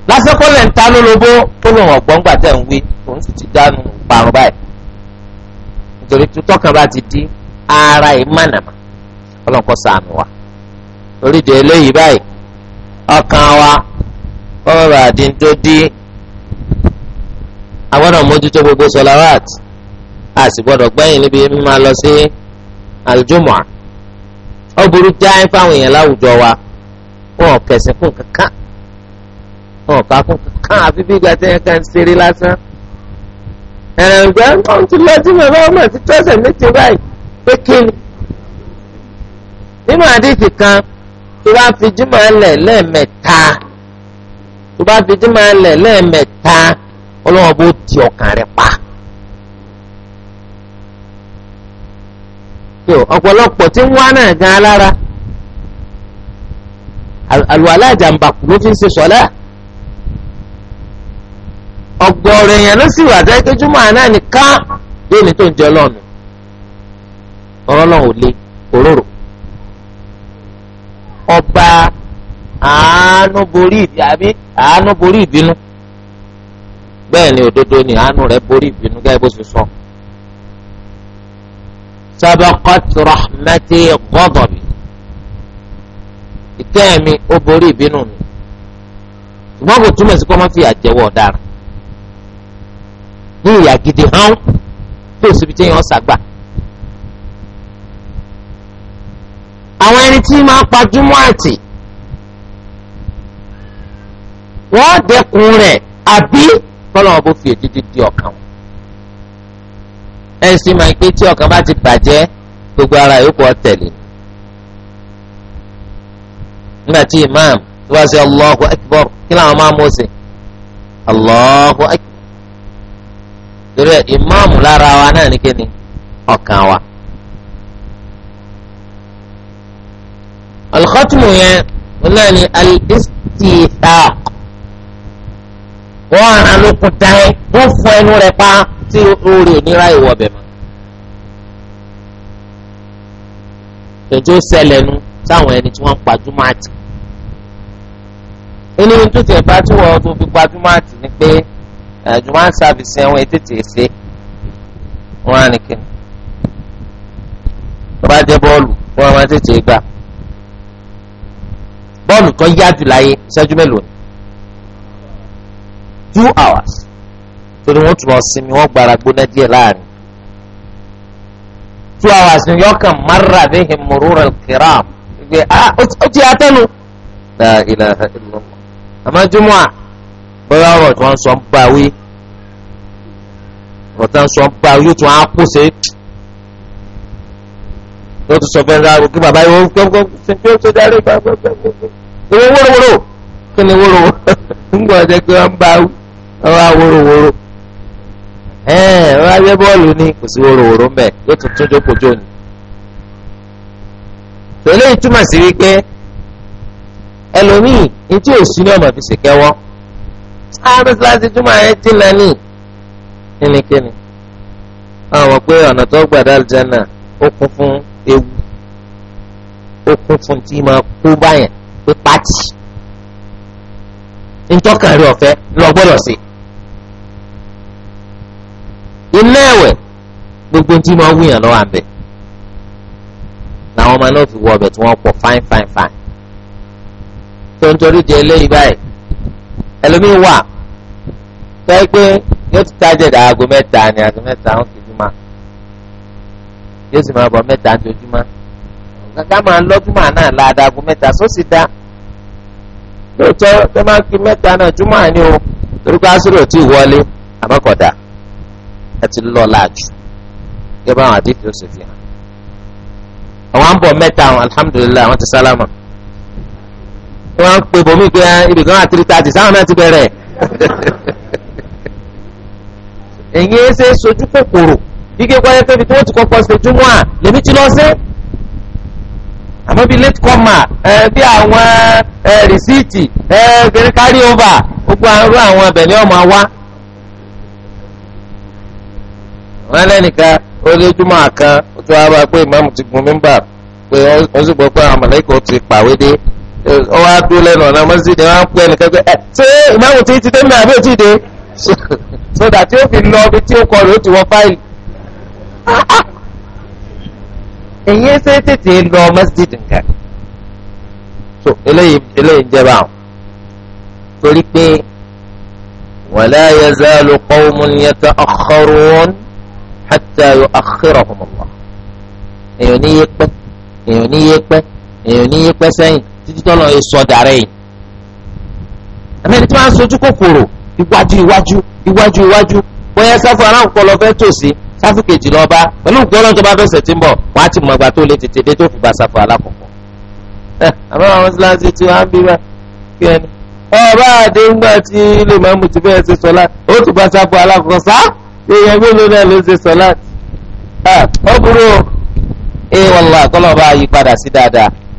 lásìkò lè ń ta lólobó tó lòun ọ̀gbọ́n gbà tẹ̀ ń wí òun sì ti dánu parun báyìí nítorí tọ́kàn bá ti di ara ìmánàmá ọlọ́nkọ́ sànù wa torí de eléyìí báyìí ọkàn wa ọ̀rọ̀ àdíndódì agbọ́dọ̀ mójútó gbogbo sọláwàt a sì gbọ́dọ̀ gbẹ̀yìn níbi mímá lọ sí aljumua ó burú jáì fáwọn èèyàn láwùjọ wa wọn ò kẹsìn kankan wọn kà fún kàn ah, àfi bí ìgbà tí ẹ ṣeré lásán. ẹ̀rẹ̀ǹgbẹ́ wọn ti lọ sí bàbá ọmọ àti tọ́sẹ̀ méje báyìí pé kí ni. nínú àdìsí kan tó bá fi jùmọ̀ lẹ̀ lẹ́ẹ̀mẹ́ta tó bá fi jùmọ̀ lẹ̀ ti ọkàn rẹ̀ pa. ọ̀pọ̀lọpọ̀ tí ń wá náà gan alára àlùwàlá àjàmbá ló ọ̀gọ̀ọ̀rọ̀ èèyàn ló sì wà sẹ́yìn tó júmọ̀ àná nìkan yóò ní tó ń jẹ ọlọ́run ọ̀rọ̀ náà ò le òróró ọba àánú borí ìdí àbí àánú borí ìbínú bẹ́ẹ̀ ni òdodo ni àánú rẹ̀ borí ìbínú gẹ́gẹ́ bó ṣe sọ. sabaqat rahmati ghadabi ìkẹ́ ó borí ìbínú mi ṣùgbọ́n kò túmọ̀ sí kó má fi àjẹwọ́ ọ̀daràn ní ìyà gidi hán tó síbi tí yẹn ṣàgbà. àwọn ẹni tí máa pa júmọ́ àti wọ́n dẹkùn rẹ̀ àbí kọ́lọ́ wọn bó fi èdìdì di ọkàn ẹ̀ sì máa pé tí ọkàn bá ti bàjẹ́ gbogbo ara yòókù ọ̀tẹ̀lẹ̀ nígbà tí imam tí wọ́n ṣe Allahu Akbar kí làwọn máa mú sí Allahu Akbar torí ẹ ìmáàmù lára wa náà ní kíni ọkàn wa. alxatmu yẹn wọn náà ní alistithaq wọn ara ló kú dáhẹ wọn fọ ẹnu rẹ pa tí orí onírà ìwọ bẹ mọ. tòjú ṣẹlẹ̀ nu sáwọn ẹni tí wọ́n ń gbajúmọ̀ àti. inú tó bá tí wọ́n tó fi gbajúmọ̀ àti ni pé. Eh, jùmọ̀ sáfìsì ẹ̀wọ̀n ètètè ṣe wọn á nìkan tó bá jẹ́ bọ́ọ̀lù wọn á máa tètè gbà bọ́ọ̀lù tó yá láyé ṣẹ́jú mélòó ni two hours torí wọ́n tún lọ sinmi wọ́n gbára gbóná díẹ̀ láàrin two hours ni yọkàn mara bihi murura kiram gbé ah ó ti atẹnu. la ilaha illallah àmọ́ jùmọ̀ à bóyá ọ̀rọ̀ tí wọ́n sọ ń bá wí ọ̀rọ̀ tí wọ́n sọ ń bá wí yóò tún á kó ṣe yóò tún sọ fẹ́ẹ́ rárá kí bàbá yóò gbọ́ngbọ́n ṣe bí ó ṣe darí bàbá ìwé wórówóró kí ni wórówóró ńgbọ́n ọ̀jẹ̀ pé wọ́n ń bá wí ọ̀rọ̀ àwòrówóró ẹ̀ẹ́n ọ̀rọ̀ ayé bọ́ọ̀lù ni kò sí wórówóró ń bẹ̀ yóò tún tún jókòó jò ní. tẹ̀lé ìtumọ̀ sí wípé ẹlòmíì ní tí ò sí ní ọmọ fi ṣèkẹ́wọ́ sáà mọ́sálásí júmọ̀ yẹn jìnnà ní kínníkínní àwọn ọmọ pé ọ̀nà tó gbàdá àlùjánnà ó kún fún ewu ó kún fún tí máa kó báyẹn pé pátì ntọ́kàn rí ọ̀fẹ́ lọ gbọ́dọ̀ sí. iná ẹ̀wẹ̀ gbogbo tí máa wúyàn lọ́wọ́ àbẹ̀ làwọn ọmọ náà fi wọ ọbẹ̀ tí wọ́n pọ̀ fáin fáin fáin tó ń torí di eléyìí báyìí ẹlòmíì wà sọ pé yóò ti tájẹ̀ dà aago mẹ́ta ni aago mẹ́ta ó kìí júmọ́ yóò sì máa bọ̀ mẹ́ta ojoojúmọ́ gàgà máa lọ́júmọ́ náà láadáa aago mẹ́ta só sì dá lóòótọ́ tó máa kí mẹ́ta náà júmọ́ àní o torí pé àṣírí ò tí ì wọlé àmọ́kọ̀dá ẹ ti lọ láàjù gẹ́gẹ́ bá àwọn àdìsí ó sì fi hàn àwọn àbọ̀ mẹ́ta àwọn alihamudulilayi àwọn ti sálámà. wọ́n ń pe bòmí pé ah, ibìkan àti tàtì sáwọn náà ti bẹ̀rẹ̀ èyí ẹ ṣe sojú kòkòrò ike kọ́yẹ́ pé ibi tí wọ́n ti kọ́kọ́ ṣe júmọ́ à lèmi ti lọ sí àmọ́ bíi late comer bí àwọn rìsíìtì kiri gbogbo àrùn àwọn wa. wọ́n lẹ́nìkan ó lé júmọ́ àkan ó tún wá bá pé ti gun mímbà pé ó sì gbọ́ ọ wá dó lẹ́nu ọ̀nà mọ́sídìí wọn á pẹ́ nìkan pé ẹ ṣé ìmáàmù tí ti dé mi àbí òtí dé sódà tí ó fi lọ ibi tí ó kọ rè ó ti wọ fáìlì. èyí ṣe tètè lọ mọ́sídìí nǹkan so eléyìí eléyìí jẹba àwọn torí pé wala yazalu qawmun yata'akhkharun hatta yu'akhkhirahum Allah èèyàn ní yé pẹ́ èèyàn ní yé pẹ́ èèyàn ní yé pẹ́ sẹ́yìn. títí tọ́lọ́ yẹ sọ dàrẹ́ yìí àmẹ́ni tí wọ́n á sojú kòkòrò iwájú iwájú iwájú iwájú bóyá sáfù aláǹkọ lọ fẹ́ tòsí sáfù kejì lọ bá pẹ̀lú gbọ́dọ̀ tó bá fẹsẹ̀ tí ń bọ̀ wọ́n á ti tó tètè dé tó fi gba sáfù alákọ̀ọ́kọ́ àmọ́ àwọn síláṣí tí wọ́n á bí wá kí ẹni ọba àdé ńgbà tí ilé màmú ti bẹ́ẹ̀ ṣe sọ́lá ó tún bá sáfù alákọ̀ọ́kọ́ sá èèyàn mélòó náà ló ṣe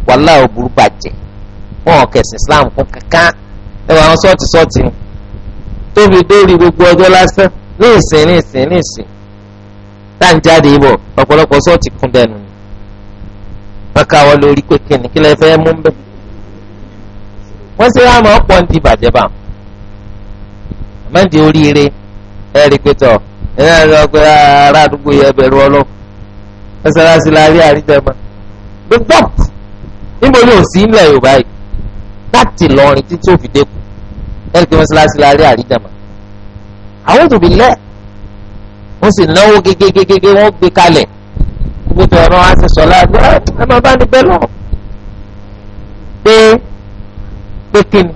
wàhálà òbúrú bàjẹ́ wọn ò kẹsìn islam kún kankan ẹ wọ àwọn sọ́ọ̀tì sọ́ọ̀tì ni tóbi dórí gbogbo ọjọ́ lásán ní ìsìn ní ìsìn ní ìsìn tá à ń jáde ibọ̀ ọ̀pọ̀lọpọ̀ sọ́ọ̀tì kún dẹnu ni wọ́n ká wọ́n lórí pé kíni kí lẹ́ fẹ́ mú bẹ́ẹ̀ wọ́n ṣe wá máa pọ̀ ń di bàjẹ́ bá máa ń di oríire ẹ̀ rí pé tọ̀ ẹ̀ náà lọ pé ará àdúgbò yẹn bẹ̀rù ọlọ́ mọ́sálásí la rí àríjẹ́ mọ́ gbogbo níbo ni ò sí ilẹ̀ yorùbá yìí láti lọrin títí ó fi dẹ́kun ẹ̀rí pé mọ́ṣáláṣí la rí àríjàmà àwọn òtòbí lẹ̀ wọ́n sì náwó gégégégé wọ́n gbé kalẹ̀ gbogbo ẹ̀rọ aṣèṣọ́ láti ah, ẹ máa bá ní bẹ́ẹ̀ lọ pé pé kíni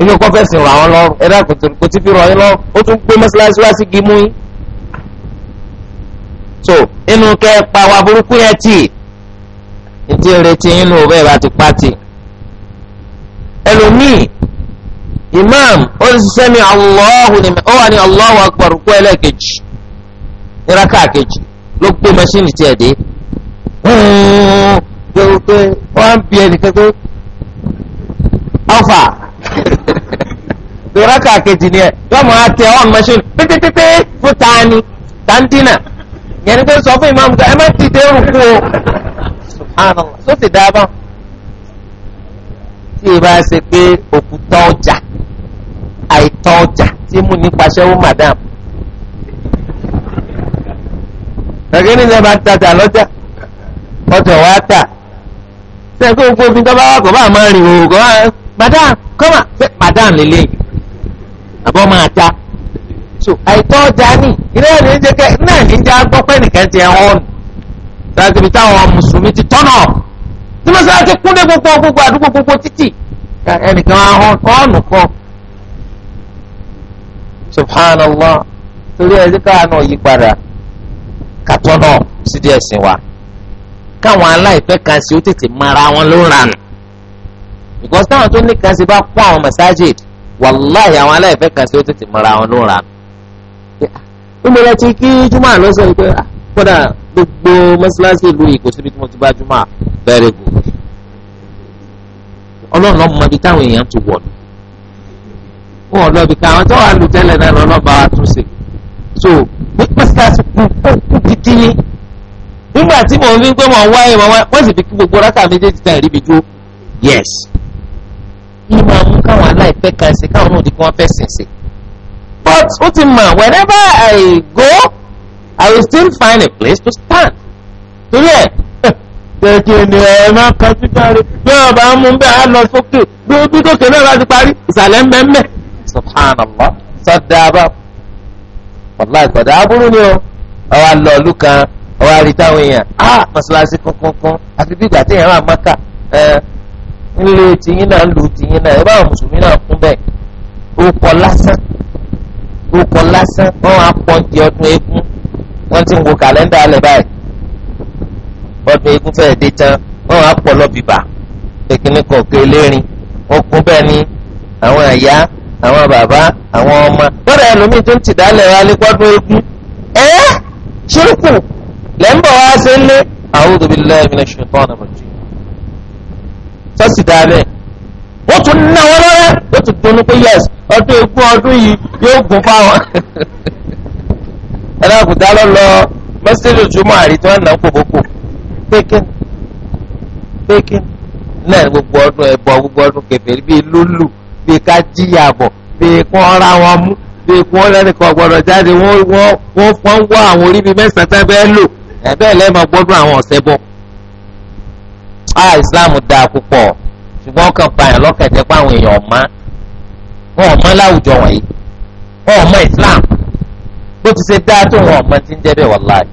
inú kọ́ fẹ́ sìn ràn án lọ́rùn ẹ̀rọ àgùntàn kò tí fi ràn yín lọ́rùn ó tún gbé mọ́ṣáláṣí wá sí gímú yín so inú kẹ́ pa wà burúkú yẹn tì í. ètí ìrètí yín nù bẹ́ẹ̀ bá ti pàtì. ẹlòmíì imam ó ń ṣiṣẹ́ ní Allahu ni ó wà ní Allahu akbar kú ẹlẹ́ẹ̀kejì ní rákà kejì ló gbé mẹ́ṣíìnì tiẹ̀ dé. gbẹ̀gbẹ̀ wọ́n ń bi ẹnìkan pé ní kejì ni tani pé sọ fún imam ẹ má ti dé subhanallah tó sì dá bá tí ì bá ṣe pé òkúta ọjà àìtọ́ ọjà tí mú nípa ṣẹ́wó madam. Gẹ́gẹ́ ní ìjọba tajà lọ́jà ọjọ́ wa tà ṣe kó gbogbo obìnrin tó bá wà kó bá máa rìn òògùn wa madam kọ́mà ṣe madam lélẹ̀ àbọ̀ máa ta so àìtọ́ ọjà ní ilé ẹ̀ ní jẹ́ kẹ́ náà ní jẹ́ agbọ́pẹ́ nìkan ti ẹ̀ hàn ọ́nù tàbí táwọn mùsùlùmí ti tọ́nà tí mọ́sálásí kúndé gbogbo gbogbo àdúgbò gbogbo títì ẹnìkan ahọ́n ọ̀nù kan subhanallah torí ẹ̀ díkà náà yí padà kàtọ́nà sídìí ẹ̀sìn wa káwọn aláìpẹ́ kan sí ó tètè mara wọn ló ń ranù because táwọn tó ní kan sí bá kó àwọn masajid wàláhì àwọn aláìpẹ́ kan sí ó tètè mara wọn ló ń ranù. ó mẹ́rẹ̀ tí kí jùmọ̀ àlọ́ sọ ìgbẹ́ kódà gbogbo mọ́ṣáláṣí ìlú yìí kò síbi tí mo ti bá jùmọ̀ very good ọlọ́run ọmọ ibi táwọn èèyàn ti wọ̀ ní wọn lọ bí ká àwọn tó wà lù tẹ́lẹ̀ náà lọ́nà bá wa tún ṣe so bí mọ́ṣáláṣí kú kú títí ní nígbà tí mò ń fi pé mò ń wáyé mò ń wáyé wọ́n sì fi kí gbogbo rákà méjèèjì tàn ìríbi dúró yes ìmọ̀ àwọn káwọn aláìpẹ́ kan ṣe káwọn náà di kí wọ́n fẹ́ sìn sí but ó ti mọ̀ whenever I go. I will still find a place to stand. torí ẹ̀ tètè ni ẹ máa kọjú kárí bí ọba mú bẹ́ẹ̀ á lọ sókè bí bí tókè náà bá ti parí ìsàlẹ̀ mẹ́mẹ́. subhanallah sọdẹ abá wàlá ìsọdẹ aburú ni o ọwọ́ àlọ́ ọ̀lú kan ọwọ́ àríta àwọn èèyàn á mọ̀sálásí kankankan àfi bí ìgbà téèyàn máa mọ́kà ẹ ńlẹ̀ tìyín náà ń lu tìyín náà ẹ báwọn mùsùlùmí náà kún bẹ́ẹ̀ ó kọ lásán ó kọ lásán wọ́n á pọ́ǹdì ọdún eégún wọ́n ti ń wo kàlẹ́ndà alẹ́ báyìí ọdún eégún fẹ́ẹ̀ dé tán wọ́n á pọ̀ lọ́bìbà pèkínní kan òkè lérin okun bẹ́ẹ̀ ni àwọn àyà àwọn bàbá àwọn ọmọ lọ́dọ̀ ẹlòmíín tó ń tì dálẹ̀ alẹ́kọ́dún eégún ẹ́ ṣírùkù lẹ́ńbọ̀ wá sí ilé a'udhu billahi minash shaitani rajim sọ́sì dáa bẹ́ẹ̀ wọ́n tún náwó lọ́rẹ́ ó tún dunnú pé yẹ́sì ọdún eégún ọdún yìí yóò gùn fáwọn. ẹlẹ́kùtà lọ lọ mẹ́sídẹ̀ẹ́dì ojúmọ́ àrí tí wọ́n nà ń kòbókò pékin pékin náà gbogbo ọdún ẹ̀bọ gbogbo ọdún kẹfẹ́rí bíi lúlù bíi kájíyàbọ̀ bíi kún ọ́ra wọn mú bíi kún ọ́lẹ́nìkan gbọ́dọ̀ jáde wọ́n wọ́n wọ́n fọ́n wọ́ àwọn orí bíi mẹ́sàn-án tẹ́ bẹ́ẹ̀ lò ẹ̀bẹ́ẹ̀ lẹ́ẹ̀mọ gbọ́dún àwọn ọ̀sẹ̀ bọ̀. a Islam dáa púpọ̀ ṣùgbọ́n kan báyàn lọ́kàn jẹ́ pé àwọn èèyàn ọ̀ma wọn ọ̀ma láwùjọ wọ̀nyí wọn ọ̀ma Islam bó ti ṣe dá tó wọn ọmọ ti ń jẹ́ bẹ́ẹ̀ wàláì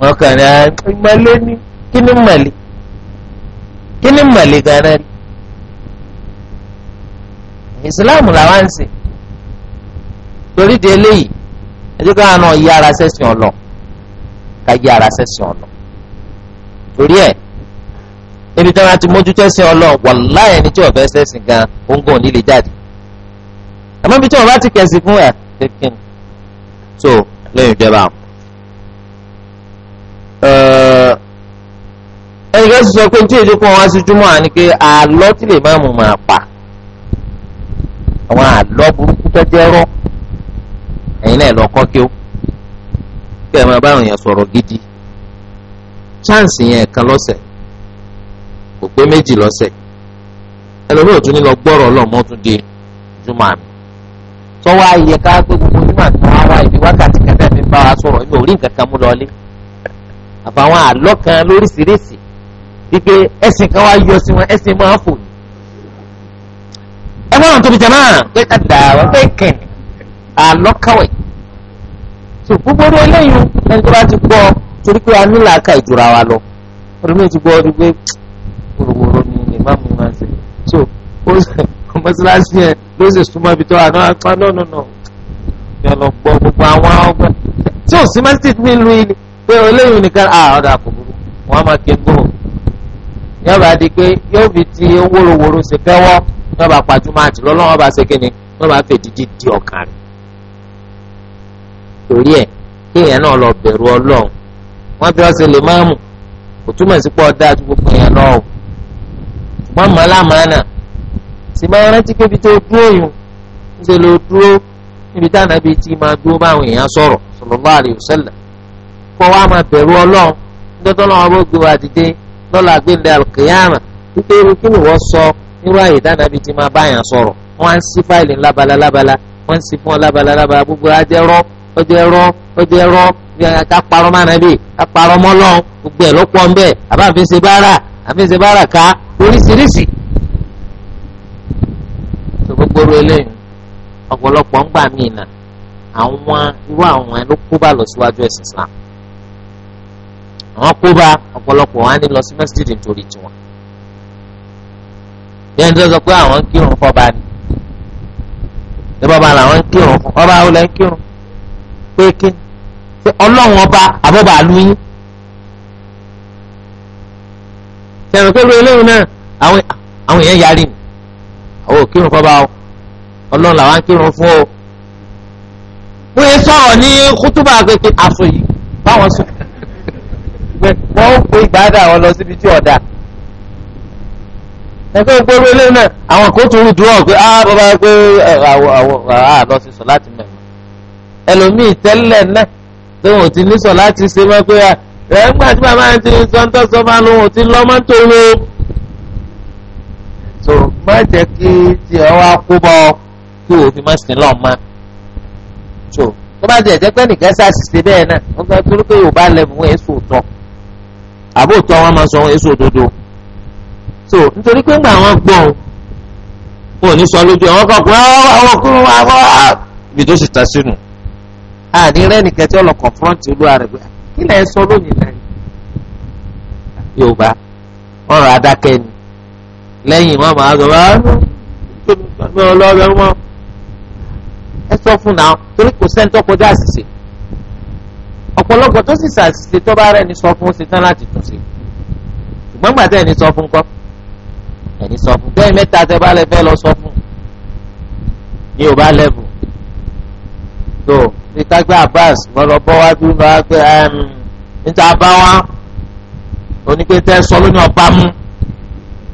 wọn kàn ní ah, ìmọ̀lẹ́ ni kí ni mọ̀lẹ́ kí ni mọ̀lẹ́ gan-an rí ìsìláàmù làwa ń sè torí di eléyìí ẹjọ́ káwọn náà yí ara sẹ́sìn ọ̀lọ́ ká yí ara sẹ́sìn ọ̀lọ́ torí ẹ̀ níbi tí wọ́n ti mójútó ẹ̀sìn ọ̀lọ́ wàláì ẹni tí wọ́n fẹ́ sẹ́sìn gan-an nílé jáde àmọ́ ibi tí wọ́n bá ti kẹ̀sìn fún ẹ̀ sékin tó lẹ́yìn ìjọba. Uh, ẹnì kan sọ pé tí èdè kan wá sí júmọ́ àní pé àlọ́ tí lè má mú máa pa àwọn àlọ́ burúkú tó jẹ́ rọ́ ẹ̀yin náà lọ kọ́ kí ó kí ẹ máa bá àwọn èèyàn sọ̀rọ̀ gidi chance yẹn kan lọ́sẹ̀ kò pé méjì lọ́sẹ̀ ní lọ gbọ́rọ̀ sọ́wọ́ ayẹ ká pé gbogbo onímọ̀ àti wọn wá ibi wákàtí kẹtẹ́ fi bá wa sọ̀rọ̀ ibi òrí nǹkan kan mú lọlé àbáwọn àlọ́ kan lóríṣiríṣi wípé ẹ̀sìn kan wá yọ sí wọn ẹ̀sìn máa fò ní. ẹ bá wọn tóbi jẹ máa pé kàdà wọn pé kẹ̀n àlọ́ kàwé tó gbogbo orí eléyìí ẹni tó bá ti gbọ́ torí pé a nílò aka ìjura wa lọ orí mi ti gbọ́ ọdún pé wòròwòrò ni lè má mú wọn ṣe so mọ́sálásí yẹn ló sì súnmọ́ ibi tó wà náà pa no no no yọ lọ gbọ́ gbogbo àwọn ọgbà tí ò sí masjid nílùú yìí pé olóyún nìkan à ah, ọ̀dà kò burú wọn máa ké gbòò yóò bá di pé yóò fi ti wóróworó ṣe fẹ́wọ́ yóò bá pàjù máa jù lọ́lọ́wọ́ bá ṣe kíni yóò bá fè dídí di ọ̀kan rẹ̀ torí ẹ̀ kéèyàn náà lọ bẹ̀rù ọlọ́run wọ́n bí wọ́n ṣe lè máàmù kò túmọ̀ sí pé ọ̀dà àti gbogbo yẹn lọ́wọ́ wọ́n mọ̀ lámàánà sì máa rántí pé ibi tó dúró yìí ń ṣe ló dúró níbi tí ànábì ti máa dúró báwọn èèyàn sọ̀rọ̀ sallallahu alaihi wasallam kó wa máa bẹ̀rù ọlọ́run nítorí ọlọ́run bó gbé wa dìde lọ́la gbẹ̀ndẹ̀ alùkìyàmà wípé irú kí ni wọ́n sọ nírú àyè dánábì ti máa báyàn sọ̀rọ̀ wọ́n á ń sí fáìlì lábala lábala wọ́n ń sí fún ọ lábala lábala gbogbo ajẹ́rọ́ ọjẹ́rọ́ ọjẹ́rọ́ bí ká parọ́ mánàbí ká parọ́ mọ́lọ́run gbogbo ẹ̀ ló pọ̀ ń bẹ́ẹ̀ àbáfin ṣe bára àfin ṣe bára ká oríṣiríṣi tó gbogbo ru eléyìí ọ̀pọ̀lọpọ̀ ń gbà mí ìnà àwọn irú àwọn ẹni kó bá lọ síwájú ẹ̀sìn Islam àwọn kó bá ọ̀pọ̀lọpọ̀ wọn á ní lọ sí masjid nítorí tiwọn bí ẹni tó sọ pé àwọn ń kírun fọba ni ní bàbá làwọn ń kírun fún ọba àwọn lẹ́ ń kírun pé kí pé ọlọ́run ọba àbọ̀bà lu tẹ̀wọ̀n pé lu náà àwọn èèyàn yarí ni àwọn òkírun kọ́ bá o ọlọ́run làwọn akírun fún o wọ́n yẹ sọ̀rọ̀ ní kútúbà kékeré aṣọ yìí báwọn sọ pé wọ́n ó gbé ìgbádà wọn lọ síbi tí ọ̀dà ẹgbẹ́ gbogbo ilé náà àwọn kò tún rú dúró pé ah bàbá gbé àwọn lọ sí sọ láti mẹ́rin ẹlòmíì tẹ́lẹ̀ náà tóun ò ti ní sọ láti ṣe mọ́ pé ẹ̀ ń gbà tí bàbá yẹn ti sọ́ńtọ́sọ́ máa lóun ò ti lọ́ mọ́tò wo má jẹ́ kí tiẹ̀ wá kó bọ́ kí o fi má sin lọ́ọ̀ ma tó tó bá jẹ́ pé nìkan ṣàṣìṣe bẹ́ẹ̀ náà wọ́n gbà torí pé yorùbá lẹ́bùn wọn èso tọ́ àbó tọ́ wọn máa sọ wọn èso òdodo tó nítorí pé ńgbà wọn gbọ́n wọn ò ní sọ lójú ẹ̀ wọ́n kọ́ pé àwọn kúrú wa wọ́n á ibi tó sì ta sínú àní rẹ́nìkan tí ọlọ́ kọ̀ǹfọ́ǹtì olúwa rẹ̀ kí lẹ́ sọ lónìí náà yorùbá ọ̀rọ̀ adákẹ́ lẹ́yìn wọn máa sọ báyìí ọlọ́ọ̀rẹ́ wọn ẹ sọ fún náà torí kò sẹ́ni tó kọjá àṣìṣe ọ̀pọ̀lọpọ̀ tó sì ṣàṣìṣe tó bá rẹ̀ ní sọ fún ṣe tán láti tún ṣe ṣùgbọ́n gbàtẹ́ ẹni sọ fún kọ́ ẹni sọ fún bẹ́ẹ̀ mẹ́ta tẹ bá lẹ fẹ́ lọ sọ fún ní ò bá lẹ́bù tó ní kágbé Abbas lọ́dọ̀ bọ́ wá dúró lọ́wọ́ pé níta bá wá onípe tẹ́ sọ lónìí ọ̀pá mú.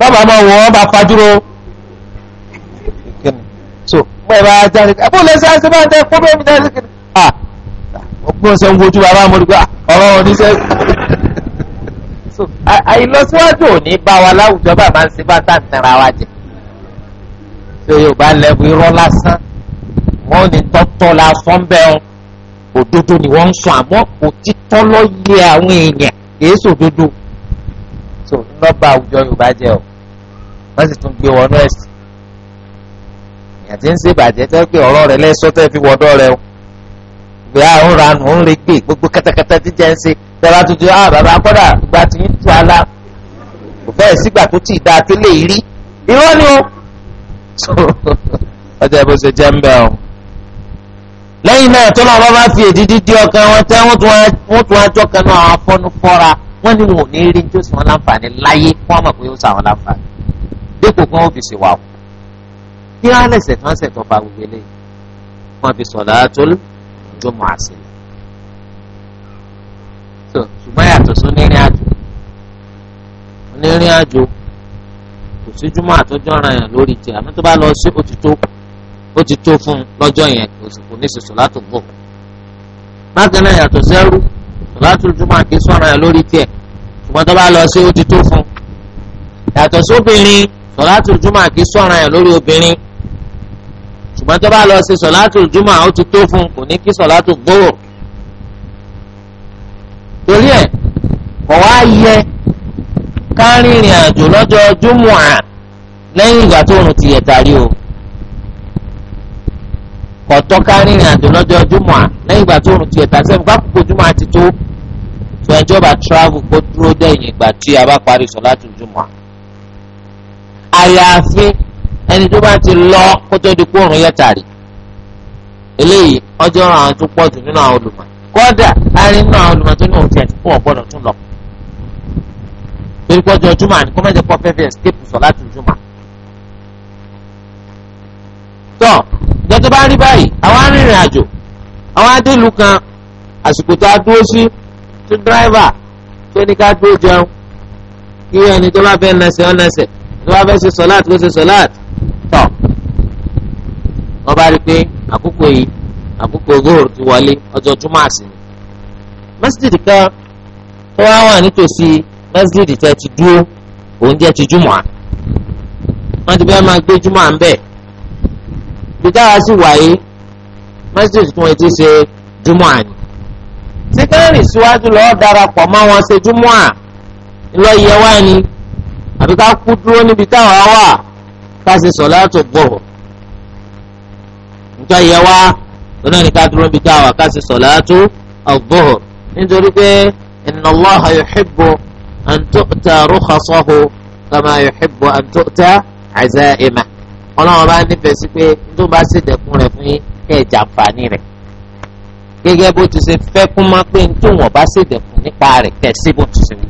bàbá máa wọ̀ ọ́ bá fajúro. so mo ẹ̀ bá a jáde ẹ̀ fún lẹ́sẹ̀ ah ọgbọ́n sọ ń wojú bàbá mo rí pé so àìlọsíwájú ò ní bá wa láwùjọ bàbá ń ṣe so yorùbá lẹ́bù irọ́ la sọ́ńbẹ́ wọn òdodo ni wọ́n ń sọ àmọ́ òtítọ́ ló yẹ àwọn èèyàn èso òdodo so ńlọ́ba àwùjọ yorùbá jẹ o wọ́n sì tún gbé wọnú ẹ̀sìn èèyàn ti ń ṣe ìbàjẹ́ tẹ́ pé ọ̀rọ̀ rẹ lẹ́sọ́ tẹ́ fi wọ́dọ́ rẹ o ìgbé àwọn ranù ń re gbé gbogbo kẹtẹkẹtẹ jíjẹ ń ṣe tẹ́lá tuntun á ah, bàbá kọ́dà ìgbà tí ń tu ala kò fẹ́ẹ̀ sígbà tó ti da tẹ́lẹ̀ yìí rí irọ́ ni o ọjọ́ ìbò ṣe jẹ́ ń bẹ̀ o lẹ́yìn náà tó náà wọ́n bá fi èdè dídí ọkàn wọn tẹ́ wọ́n tún wá jọ́kan náà àwọn afọ́nufọ́ra wọ́n ní wọn ò ní rí ní tó sì wọn láǹfààní láyé fún ọmọ pé sàwọn láǹfààní dípò kí wọ́n fi ṣe wà o kí á lẹ̀sẹ̀ kan ṣẹ̀ tó fa gbogbo eléyìí wọ́n fi solatul jumu'ah sílẹ̀ tó ṣùgbọ́n yàtọ̀ sí onírìn àjò onírìn àjò kò sí jùmọ̀ àtọ́jọ́ ara yẹn lórí jẹ àmọ́ tó bá lọ sí òtítọ́ ó ti tó fún un lọ́jọ́ yẹn kò ní sọ solatul zuhr bákan náà yàtọ̀ sẹ́rú solatul jumu'ah kì í sọ̀rọ̀ yẹn lórí tiẹ̀ ṣùgbọ́n tó bá lọ sí òtítọ́ fún un yàtọ̀ sóbìnrin sọ̀látù jùmọ̀ kì í sọ̀ràn yẹn lórí obìnrin ṣùgbọ́n tó bá lọ ṣe sọ̀látù jùmọ̀ ó ti tó fún un kò ní kí sọ̀látù gbòòrò torí ẹ̀ kọ̀ wá yẹ kárin ìrìn àjò lọ́jọ́ jùmọ̀ lẹ́yìn ìgbà tó oòrùn ti yẹ̀ tàrí o kọ̀tọ́ kárin ìrìn àjò lọ́jọ́ jùmọ̀ lẹ́yìn ìgbà tó oòrùn ti yẹ̀ tàrí sẹ́mi kápùkù jùmọ̀ ti tó tó ẹjọ́ bá travel kó dúró dẹ́yìn ìgbà tí a bá parí sọ̀látù jùmọ̀ àyàfi ẹni tó bá ti lọ kó tó di kóòrùn yẹtàrí eléyìí ọjọ́ àwọn tó pọ̀ jù nínú àwọn olùmọ̀ kódà láàrin nínú àwọn olùmọ̀ tó ní òun tiẹ̀ tó wọ̀ gbọ́dọ̀ tún lọ. torí pọ́jọ́ jùmọ̀ àní kó mẹ́jọ kọ́ fẹ́fẹ́ escape sọ láti jùmọ̀. tọ́ ìjọ tó bá rí báyìí àwọn arìnrìn àjò àwọn adélùú kan àsìkò tó a dúró sí tó dírẹ́fà tó ní ká dúró jẹun kí ẹni tó bá fẹ́ nẹsẹ̀ ọ́ nẹsẹ̀ tó bá fẹ́ ṣe sọláàtì kó ṣe sọláàtì tọ̀ wọ́n bá rí i pé àkókò yìí àkókò zohor ti wọlé ọjọ́ jùmọ̀ àsìn ni. masjid kan tó wá wà nítòsí masjid tẹ ti dúró oúnjẹ ti jùmọ̀ à wọ́n ti bẹ́ẹ̀ máa gbé jùmọ̀ à ń bẹ̀. bìtáwa sì wáyé masjid tún ẹ ti ṣe jùmọ̀ à ni. sẹ́kẹ́rì síwájú lọ́ọ́ darapọ̀ mọ́ wọn ṣe jùmọ̀ à ńlọ yẹ wá ni àbí ká kú dúró níbi táwa wà ká ṣe sọ̀láàtù gbọ̀hùn nítorí yẹ wá lọ́nà ní ká dúró níbi táwa ká ṣe sọ̀láàtù gbọ̀hùn nítorí pé inna Allaha yuhibbu an tu'ta rukhasahu kama yuhibbu an tu'ta aza'imah ọlọ́run bá nífẹ̀ẹ́ sí pé tó bá ṣèdẹ̀kùn rẹ̀ fún yín kẹ́ ẹ̀ rẹ̀ gẹ́gẹ́ bó ti ṣe fẹ́ kún máa pé tó wọ́n bá ṣèdẹ̀kùn nípa rẹ̀ kẹ́ ẹ̀ síbò tó ṣe wí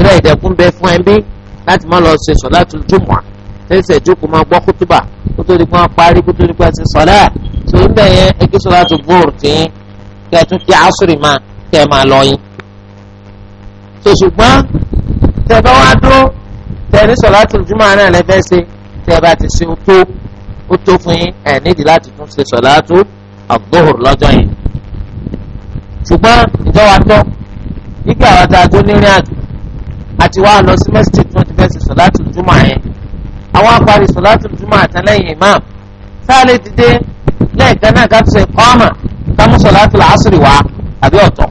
ìrẹ́ ìdẹ̀kùn bẹ fún ẹbí láti má lọ ṣe sọ̀láàtù jùmọ̀ ṣẹ̀ṣẹ̀ jókòó máa gbọ́ kútùbà kó tó di pé wọ́n parí kó tó di pé wọ́n ti sọ̀lá tó ń bẹ̀ yẹn ẹgbẹ́ sọ̀láàtù bóòrù tí yín kẹ́ ẹ tún ti àásùrì máa kẹ́ ẹ máa lọ yín. tó ṣùgbọ́n tẹ bá wá dúró tẹ ní sọ̀láàtù jùmọ̀ náà lẹ fẹ́ ṣe tẹ bá ti ṣe tó ó tó fún yín ẹ̀ nídìí láti tún ṣe sọ̀láàtù àgbóhùr lọ́jọ́ yẹn. ṣùgbọ́n ìjọ wa tọ́ nígbà wa ta tó nírìn àjò àti wàá lọ sí mẹ́sítì tí wọ́n ti fẹ́ ṣe sọ̀látù júmọ̀ yẹn àwọn apari sọ̀látù júmọ̀ àtàlẹ́yìn imam sáàlẹ̀ dìde lẹ́ẹ̀kan náà káfí ṣe kọ́ọ̀mà kámú sọ̀látù làásùrì wá àbí ọ̀tọ̀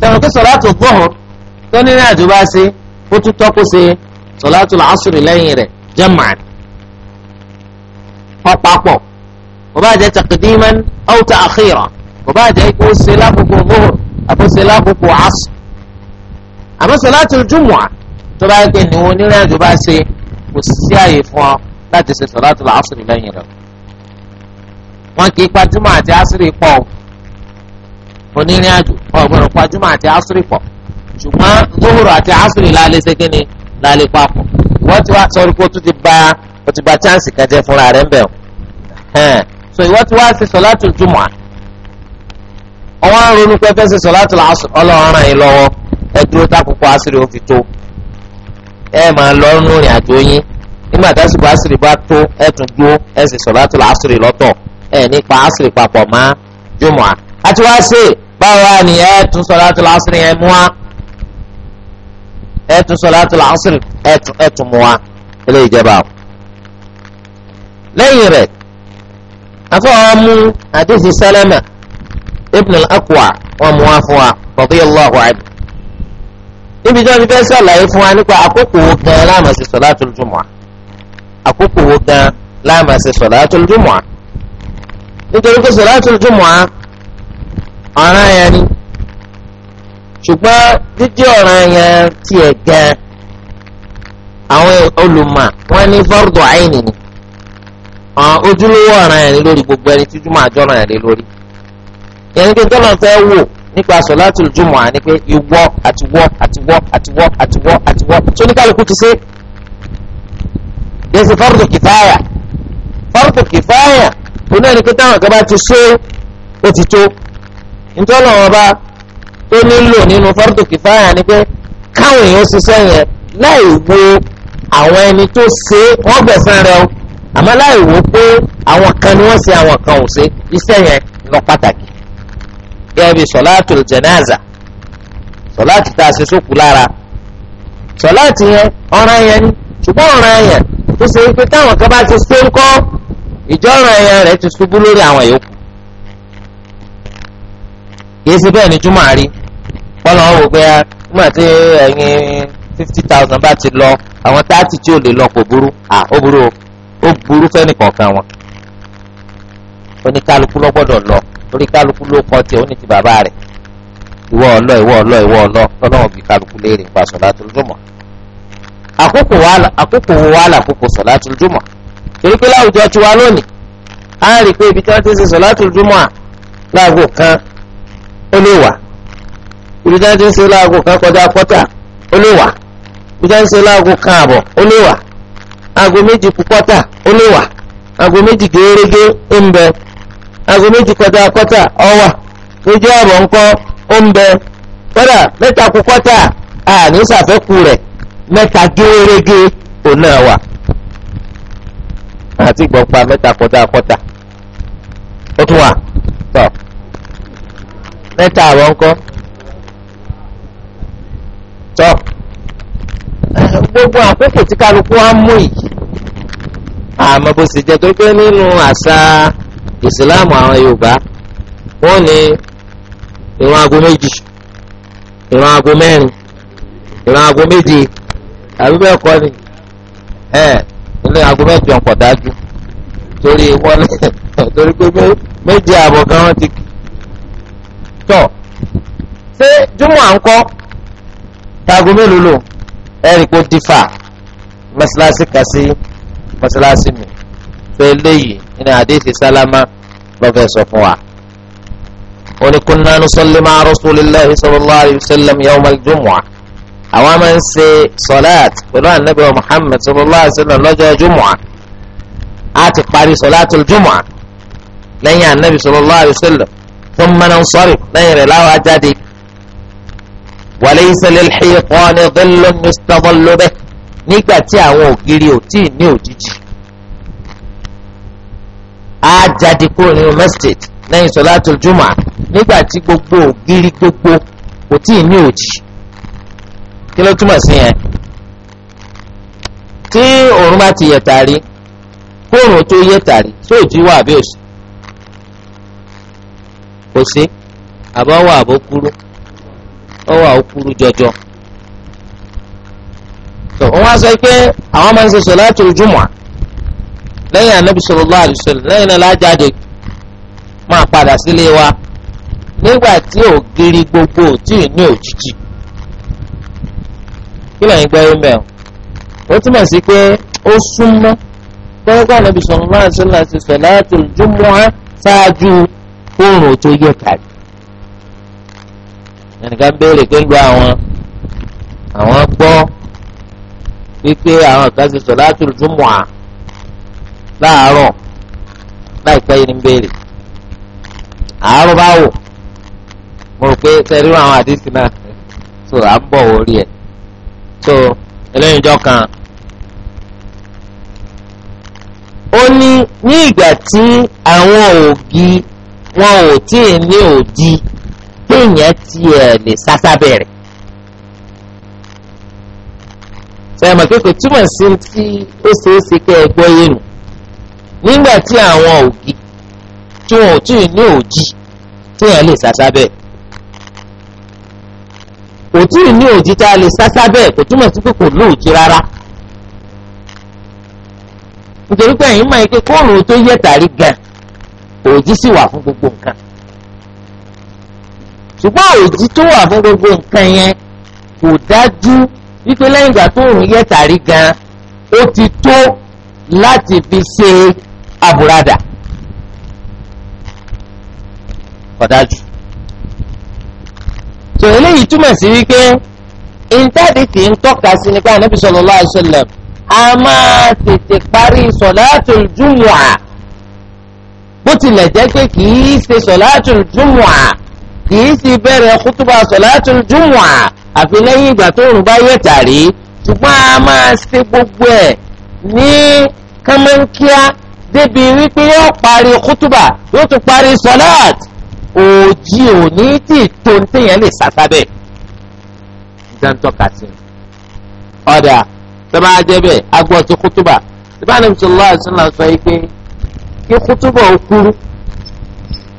tẹ̀wọ̀n kí sọ̀látù gbọ̀hùn tó ní ní àjò bá ṣe ó tún tọ́kù ṣe sọ̀látù làásùrì lẹ́yìn rẹ̀ jam'an ọ̀pápọ̀ kò bá jẹ́ taqdiman aw ta'khira kò bá ṣe lákòókò gbọ̀hùn àbó lákòókò àṣù àmọ́ sọláàtì jùmùà tó bá yẹ pé níwọ̀n onírìn àjò bá ṣe kò sí àyè fún ọ láti ṣe sọláàtì làásùrì lẹ́yìn rẹ̀ wọn kì í pa jùmọ̀ àti àsùrì pọ̀ onírìn àjò ọ̀gbọ̀n pa jùmọ̀ àti àsùrì pọ̀ ṣùgbọ́n zuhuru àti àsùrì lálẹ́ ṣe kíni lálẹ́ papọ̀ wọ́n ti wá sọ̀rọ̀ pé ó tún ti ba ó ti ba chance kan jẹ́ fúnra rẹ̀ ń bẹ̀ ọ́ ronú pé fẹ́ ṣe sọláàtì làásùrì ọlọ́run ràn yín lọ́wọ́ ẹ dúró tákòókò àṣírí ó fi tó ẹ máa lọ nù rìn àjò yín nígbà tásìkò àṣírí bá tó ẹ tún dúró ẹ sì sọ̀látùl àṣírí lọ́tọ̀ ẹ nípa àṣírí papọ̀ mọ́ jùmọ̀ àti wá sí báwa ni ẹ tún sọ̀látùl àṣírí yẹn mú wa ẹ tún sọ̀látùl àṣírí ẹ tún mú wa ilé ìjẹba o. lẹ́yìn rẹ̀ afọwọ́ mú àdéhùn sálẹ́mà ibn al-Akwa wọn mú wa fún wa radiyallahu anhu níbi tí wọ́n ti fẹ́ sàlàyé fún wa nípa àkókò wo gan láàmà sí sọ̀látùl jumu'ah àkókò wo gan láàmà sí sọ̀látùl jumu'ah nítorí pé sọ̀látùl jumu'ah ọ̀ràn yẹn ni ṣùgbọ́n jíjẹ́ ọ̀ràn yẹn tiẹ̀ gan àwọn olùmọ̀ wọ́n ní fọ́rọ̀dù àìní ni ojúlówó ọ̀ràn yẹn ni lórí gbogbo ẹni tí jùmọ̀ àjọ́ràn yẹn lórí yẹn ní kí tọ́lọ̀ fẹ́ wò nípa sọláàtì jùmọ̀ à ní pé ìwọ àtiwọ àtiwọ àtiwọ àtiwọ àtiwọ tó ní kálukú ti ṣe yẹsẹ fárúkú kìfáyà fárúkú kìfáyà kò náà ní pé táwọn kan bá ti ṣe ó ti tó nítorí wọn bá tó nílò nínú fárúkú kìfáyà ni pé káwọn èèyàn ṣiṣẹ́ yẹn láì wo àwọn ẹni tó ṣe wọ́n gbẹ̀san rẹ̀ o àmọ́ láì wo pé àwọn kan ni wọ́n ṣe àwọn kan ò ṣe iṣẹ́ yẹn lọ pàtàkì gẹ́gẹ́ bí sọ̀láàtù jẹ̀náàzà sọ̀láàtì tá a ṣe sókù lára sọ̀láàtì yẹn ọ̀ràn yẹn ni ṣùgbọ́n ọ̀ràn yẹn tó ṣe wípé táwọn kan bá ti ṣe ń kọ́ ìjọ́ràn yẹn rẹ̀ ti ṣubú lórí àwọn yòókù kì í ṣe bẹ́ẹ̀ ni júmọ̀ rí kọ́nà wò pé nígbà tí ẹ̀yin fifty thousand bá ti lọ àwọn táàtì tí ò lè lọ kò burú à ó burú ó burú fẹ́nìkọ̀ọ̀kan wọn oníkálukú lọ́gbọ́dọ̀ lọ torí kálukú ló kọ tiẹ̀ ó ní ti bàbá rẹ̀ ìwọ ọlọ ìwọ ọlọ ìwọ ọlọ lọ́lọ́wọ́ bí kálukú léèrè nípa sọ̀látùl jùmọ̀ àkókò wo wà lákòókò sọ̀látùl jùmọ̀ torí pé láwùjọ tiwa lónìí á rí i pé ibi tí wọ́n ti ṣe sọ̀látùl jùmọ̀ láago kan ó lè wà ibi tí wọ́n ti ṣe láago kan kọjá kọ́tà ó lè wà ibi tí wọ́n ti ṣe láago kan àbọ̀ ó lè wà aago méjì kú ó lè wà aago méjì gẹ́gẹ́ ń bẹ aago méjì kọjá kọ́tà ọ̀wà méjì ààbọ̀ ńkọ́ ó ń bẹ kọ́dà mẹ́ta kù kọ́tà àní sàfẹ́kù rẹ̀ mẹ́ta gérégé òun náà wà àti gbọ̀npa mẹ́ta kọjá kọ́tà ó tún wà tọ̀ mẹ́ta ààbọ̀ ńkọ́ tọ́ gbogbo àkókò tí kálukú á mú yìí àmọ́ bó ṣe jẹ́ tó gbé nínú àṣà ìsìláàmù àwọn yorùbá wọ́n ní ìran aago méjì ìran aago mẹ́rin ìran aago méje àbí bẹ́ẹ̀ kọ́ ni ẹ ilé aago mẹ́jọ ń pọ̀ dájú torí wọ́n torí pé méje àbọ̀ kan wọ́n ti tọ̀ ṣé júmọ̀ à ń kọ́ taago mélòó lò ẹ̀rì kò dífà mọ́ṣáláṣí kan sí mọ́ṣáláṣí mi. tó léyìn nínú àdéhìí sálámà lọ́fẹ́ sọ fún wa. Oni kunna nusalli ma'a rasulillahi sallallahu alayhi wa sallam yawmal jumu'ah. Àwọn máa ń ṣe sọláàt pẹ̀lú ànábẹ́ wa Muhammad sallallahu alayhi wa sallam lọ́jọ́ jumu'ah. A ti parí sọláàtul jumu'ah lẹ́yìn ànábì sallallahu alayhi wa sallam thumma nansarif lẹ́yìn rẹ̀ láwọn ajáde. Wa laysa lil hiqani dhillun yustadhillu bihi nígbà tí àwọn ògiri ò tíì ní á jáde kúrò nínú mẹ́sítẹ̀tì lẹ́yìn sọ̀láàtò jùmọ̀ nígbà tí gbogbo ògiri gbogbo kò tí ì ní òjì kí ló túmọ̀ sí yẹn tí òòrùn bá ti yẹ̀ tàrí kóòrùn tó yẹ̀ tàrí sóòjì wà bí òsì kò sí àbá wà àbó kúrú ó ó kúrú jọjọ tó wọ́n wá sọ pé àwọn máa ń ṣe sọ̀láàtò jùmọ̀ lẹ́yìn anabi sallallahu alaihi wasallam lẹ́yìn náà lájáde máa padà sílé wa nígbà tí ògiri gbogbo òtí ní òjijì kí lẹ́yìn gbẹ́ email ó túmọ̀ sí pé ó súnmọ́ pẹ́ẹ́kọ́ anabi sallallahu alaihi wasallam ti salatul jumu'ah ṣáájú oòrùn tó yẹ kàrí ẹnìkan béèrè pé ń gba àwọn àwọn gbọ́ wípé àwọn kan ti salatul jumu'ah láàárọ̀ láìpẹ́ yìí ní béèrè àárọ̀ bá wò mo rò pé sẹ́rí àwọn àdìsí náà so à ń bọ̀ orí ẹ̀ so eléyìí jọ kan ó ní ní ìgbà tí àwọn òògì wọn ò tí ì ní òdi téèyàn tiẹ̀ lè sásá bẹ̀rẹ̀ sẹ́yìn mọ̀ pé kò túmọ̀ sí ti ó ṣeé ṣe kẹ́ ẹ gbọ́ yé nu nígbà tí àwọn ògì tí wọn ò tí ì ní òjì téèyàn lè sá sábẹ́ òtí ì ní òjì tá a lè sá sábẹ́ kò túmọ̀ sí pé kò lóòjì rárá nítorí pé ẹ̀yin máa ń ké kóòrùn tó yẹ tàrí gan òjì sì wà fún gbogbo nǹkan ṣùgbọ́n òjì tó wà fún gbogbo nǹkan yẹn kò dájú wípé lẹ́yìn ìgbà tó yẹ tàrí gan ó ti tó láti fi ṣe àbúradà kọ̀dájú. tó eléyìí túmọ̀ sí wípé ìntàdí tí ń tọ́ka sí nípa ànábì sallallahu alaihi wasallam a máa tètè parí sọ̀láàtùl jumu'ah bó tilẹ̀ jẹ́ pé kì í ṣe sọ̀láàtùl jumu'ah kì í sì bẹ̀rẹ̀ kútùbà sọ̀láàtùl jumu'ah àfi lẹ́yìn ìgbà tó rùn bá yẹ̀ tàrí ṣùgbọ́n a máa ṣe gbogbo ẹ̀ ní kánmọ́nkíá débi wípé yóò parí kútùbà yóò tún parí sọláàt òjì òní tí tó ń téyàn lè sàtàbẹ̀ dáńtọ́ kàtí ọ̀dà tó máa jẹ́ bẹ́ẹ̀ agbọ́ ti kútùbà ìbáni bisalòlá àṣìlá sọ yìí pé kí kútùbà ó kúrú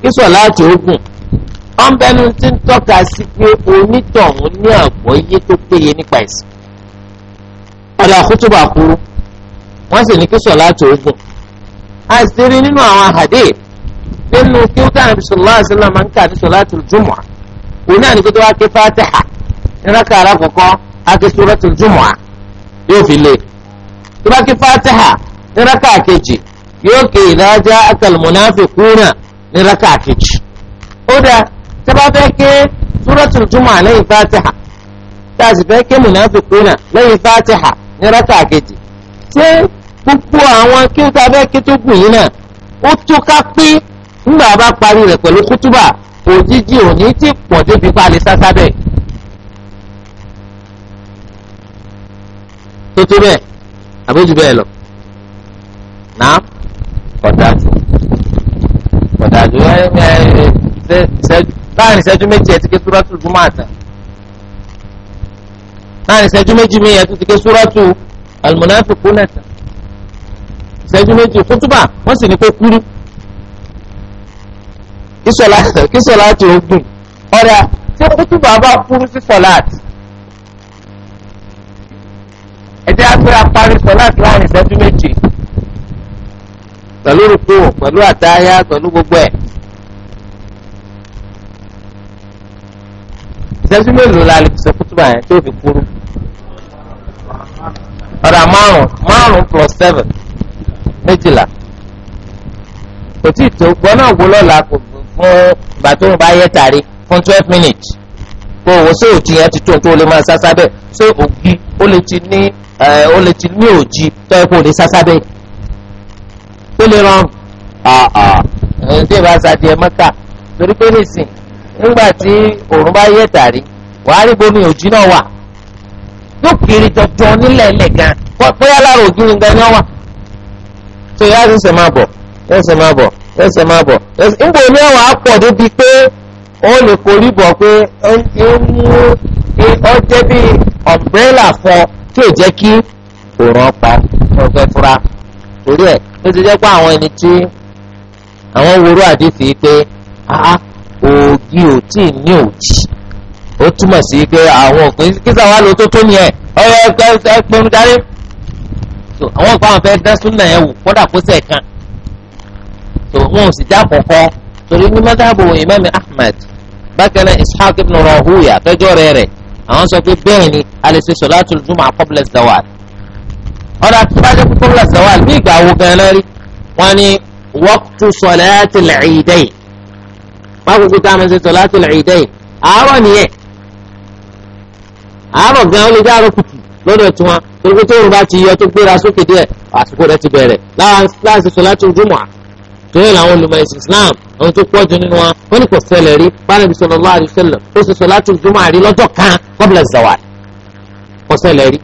kí sọláàtì ó gùn wọ́n bẹnu tí ń tọ́ka sí pé onítọ̀hún ní àgbọ́yé tó péye nípa ẹ̀sìn ọ̀dà kútùbà kúrú wọ́n sì ní kí sọláàtì ó gùn àṣírí nínú àwọn hadith nínú kí ó dáhùn bisalòlá àṣìlá máa ń kà ní solatul jumu'ah òun náà ní kí tó wá ké fatiha níraka alákọ̀ọ́kọ́ àti suratul jumu'ah yóò fi lé tó bá ké fatiha níraka kejì yóò ké idha ja'aka al-munafiquna níraka kejì ó dáa tó fẹ́ ké suratul jumu'ah lẹ́yìn fatiha tá sì fẹ́ ké munafiquna lẹ́yìn fatiha níraka kejì ṣé gbogbo àwọn kí ó tabẹ́ kí tó gùn yìí náà ó tó ká pé nígbà bá parí rẹ̀ pẹ̀lú kútúbà òjijì òní ti pọ̀ débi pa lè sásá bẹ́ẹ̀. tó tó bẹ́ẹ̀ àbójú bẹ́ẹ̀ lọ náà ọ̀dájú ọ̀dájú ẹ ẹ láàrin ìṣẹ́jú méjì ẹ ti ké súrọ́tù gbọ́mọ̀ àtà láàrin ìṣẹ́jú méjì mi ẹ ti ké súrọ́tù àlùmọ́nà fi kú nẹ̀tàn ìṣẹ́jú méjì kútúbà wọ́n sì ní kó kúrú. kí sọlá ti o gùn ọ̀rẹ́ tí kútúbà bá kúrú sí sọláàtì ẹ̀jẹ̀ afẹ́ra parí sọláàtì láàrin ìṣẹ́jú méjì pẹ̀lú rúkú pẹ̀lú àtáyá pẹ̀lú gbogbo ẹ̀. ìṣẹ́jú mélòó la lè sọ kútúbà yẹn tó fi kúrú? ọ̀rẹ́ márùn-ún márùn-ún plus seven méjìlá kò tí ì tó gbọ́ náà wò lọ́la kò fún ìgbà tó ń bá yẹ tàrí fún twelve minutes kó o ṣé òjì yẹn ti tó tó o lè máa sásá bẹ́ẹ̀ ṣé ògì ó lè ti ní eh, ó lè ti ní òjì tó ẹ kó o lè sásá bẹ́ẹ̀ tó lè rán ẹ̀ẹ́n tí ìbá sa díẹ̀ mọ́ta torí pé nìsín nígbà tí òòrùn bá yẹ tàrí wàá rí bomi òjì náà wà yóò kiri jọjọ nílẹ̀ ẹ̀lẹ̀ gan bóyá lára ògì nìkan ni wọ́n wà tó yá ẹsẹ̀ máa bọ̀ ẹsẹ̀ máa bọ̀ ẹsẹ̀ máa bọ̀ ẹsẹ̀ ńgbò ní ẹwà á pọ̀ débi pé ó lè korí bọ̀ pé ó ń ti mú ó jẹ́ bí ọ̀mbrẹ́là fún ọ tí ò jẹ́ kí òòrùn ọ̀pá ọ̀fẹ́ fura torí ẹ̀ ló ti jẹ́ pé àwọn ẹni tí àwọn wúrú àdìsí pé òògì ò tí ì ní òjì ó túmọ̀ sí pé àwọn òpin kí sáwá lo tó tó ni ọ̀rọ̀ ẹgbẹ́ ẹgbẹ́ ẹgbẹ́ mi darí so àwọn ìpá wọn fẹ́ dá súnà yẹn wò kódà kó sẹ̀ kan so wọn ò sì já kọ̀kọ́ torí ní madhabu imami ahmed bákan náà ishaq ibn rahuya fẹjọ́ rẹ̀ rẹ̀ àwọn sọ pé bẹ́ẹ̀ ni a lè ṣe solatul zawal ọ̀dà tó bá jẹ́ pé qabla zawal bí ìgbà wo gan-an rí wọn ni waqtu solatil iidayn wákòókò tá a máa ṣe solatul iidayn àárọ̀ nìyẹn àárọ̀ gan-an ó lè kùtù lọ́dọ̀ tí wọn torí pé tóun bá ti yọ tó gbéra sókè díẹ̀ àsìkò rẹ̀ ti bẹ̀rẹ̀ láwọn láti sọ láti ojú mọ́ torí làwọn olùmọ̀ ẹ̀sìn Islam àwọn tó pọ̀ jù nínú wọn wọn ní kò ṣẹlẹ̀ rí pálẹ̀bí sallallahu alaihi wasallam ó sì sọ láti ojú mọ́ àrí lọ́jọ́ kan qabla zawal kò ṣẹlẹ̀ rí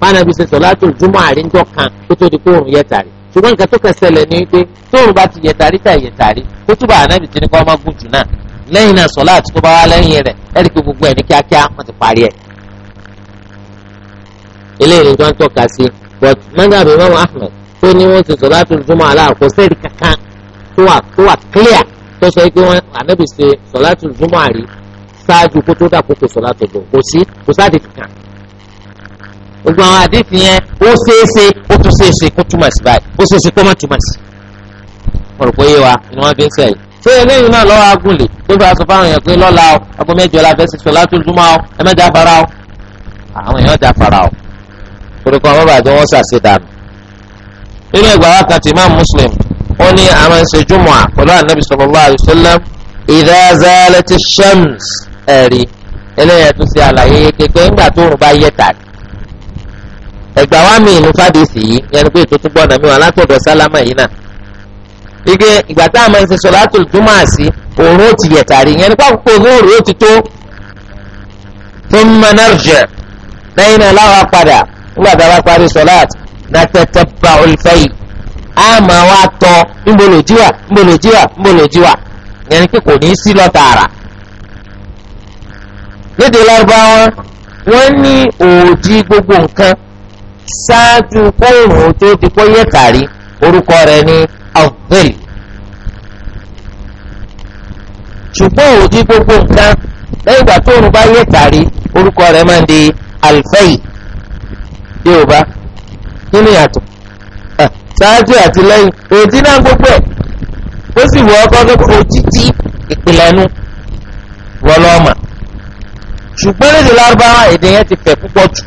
pálẹ̀bí sọ láti ojú mọ́ àrí lọ́jọ́ kan kó tó di kó òun yẹ tàrí ṣùgbọ́n nǹkan tó kàn ṣẹlẹ̀ ni pé tóun bá ti yẹ tàrí tà yẹ tàrí kó túbọ̀ ànábì ti ní kó ọmọ gùn jù náà lẹ́yìn náà sọ̀láàtì tó bá wá lẹ́yìn rẹ̀ ẹ̀rí gbogbo ẹ̀ ní kíákíá wọ́n ti parí ẹ̀ eléyìí ni wọ́n tọ́ka sí but mọ́gàbí mọ́mú ahmed tó ní wọ́n ti sọ̀láàtù júmọ̀ aláàkó sẹ́ẹ̀dì kankan tó wà tó wà clear tó sọ pé wọ́n ànábì ṣe sọ̀láàtù júmọ̀ àrí ṣáájú kó tó dà kó tó sọ̀láàtù jù kò sí kò sáàdì kankan. gbogbo àwọn àdìsí yẹn ó ṣeéṣe ó tún ṣeéṣe kó túmọ̀ sí báyìí ó ṣeéṣe kó má túmọ̀ sí. mo yé wa ni wọ́n fi ń sẹ́yìn ṣé eléyìí náà lọ́wọ́ agúnlẹ̀ tó fi aṣọ fáwọn èèyàn pé lọ́la o agbó mẹ́jọ la fẹ́ ṣe sọ̀láàtù júmọ̀ o ẹ mẹ́ta fara o torí kan wọ́n bàjẹ́ wọ́n ṣàṣe dànù. nínú ìgbà wákàtí imam muslim ó ní àwọn ẹ̀sìn jùmọ̀ pẹ̀lú anabi sallallahu alayhi wa sallam idha zalati shams ẹ̀rí eléyà tó ṣe àlàyé kékeré ńgbà tó rùn bá yẹ tàbí. ẹ̀gbà wa mi ìlú fàdísì yìí yẹn ni pé ètò túbọ̀ nàmí wọn látọ̀dọ̀ sálámà yìí náà. ike ìgbà tá a máa ń ṣe sọ̀látùl jùmọ̀ àṣì òun ó ti yẹ tàbí yẹn ni pàkókò òun ó ti tó nígbà tá a bá parí sọláàtì nàtẹ̀tẹ̀ pa olùfẹ́ yìí a máa wá tọ ńbọlòjíwà ńbọlòjíwà ńbọlòjíwà yẹn ni pé kò ní í sí lọ́tàrà. lédè lárúbáwá wọ́n ní òòdì gbogbo nǹkan ṣáájú kóòrùn tó di kó yẹ kárí orúkọ rẹ̀ ní ọ̀gbẹ́lì. ṣùgbọ́n òòdì gbogbo nǹkan lẹ́yìn ìgbà tóòrùn bá yẹ kárí orúkọ rẹ̀ máa ń di alfẹ́yì yorùbá nínú ìyàtọ̀ ah, ṣáájú àti lẹ́yìn òjì náà gbogbo ẹ̀ ó sì wọ ọkọ tó òjìjí ìpìlẹ̀nu wọlọ́ọ̀mà ṣùgbọ́n lédè lárúbáwá èdè yẹn ti fẹ̀ púpọ̀ jù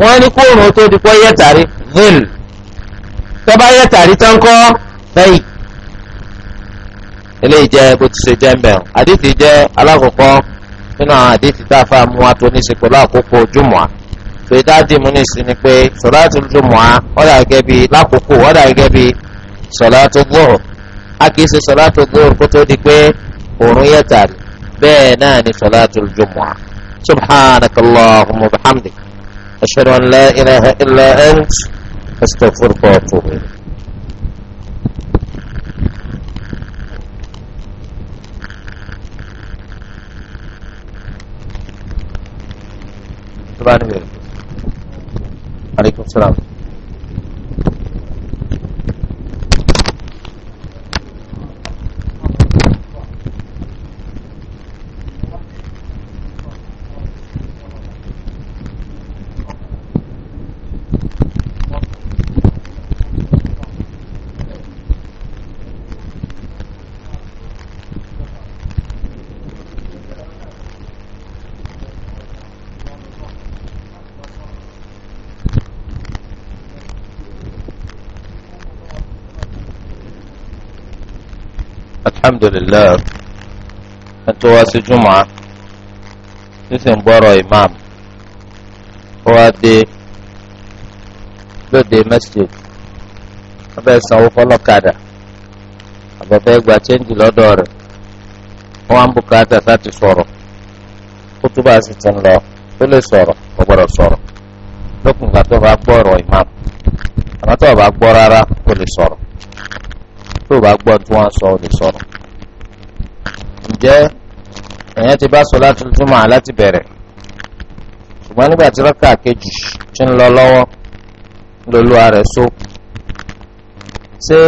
wọ́n ní kóòrùn tó di pọ́ yẹ̀tàrí vil tọ́ba yẹ̀tàrí tán kọ́ lẹ́yìn eléyìí jẹ́ bó ti ṣe jẹ́ mbẹ́ àdìsí jẹ́ alákọ̀ọ́kọ́ nínú àwọn àdìsí tá a fà mú wa tó ní í ṣe pẹ̀lú àkókò jùmọ̀ á. so ìta dì mú ní ìsinmi pé salatul jumu'ah ọ̀dà gẹ́gẹ́ bí lákòókò ọ̀dà gẹ́gẹ́ bí salatul gbòòrò a kì í ṣe salatul zuhur kó tó di pé òòrùn yẹ tàrí bẹ́ẹ̀ náà ni salatul jumu'ah subhanakallahumma wa bihamdik ashhadu an la ilaha illa ant astaghfiruka wa atubu ilayk. Gracias. عليكم السلام islam ẹtọ́ wá sí jùmọ̀ sísè ń imam ó wá dé lóde masjid wọ́n fẹ́ sanwó fọlọ́kadà àbọ̀fẹ́ gba chẹ́ńjì lọ́dọ̀ rẹ̀ wọ́n á ń bùkátà láti sọ̀rọ̀ kútúbà sì jẹ́ èèyàn ti bá sọláàtù júmọ̀ láti bẹ̀rẹ̀ ṣùgbọ́n nígbà tí rákà kejì ti ń lọ lọ́wọ́ lolúwa rẹ̀ so ṣé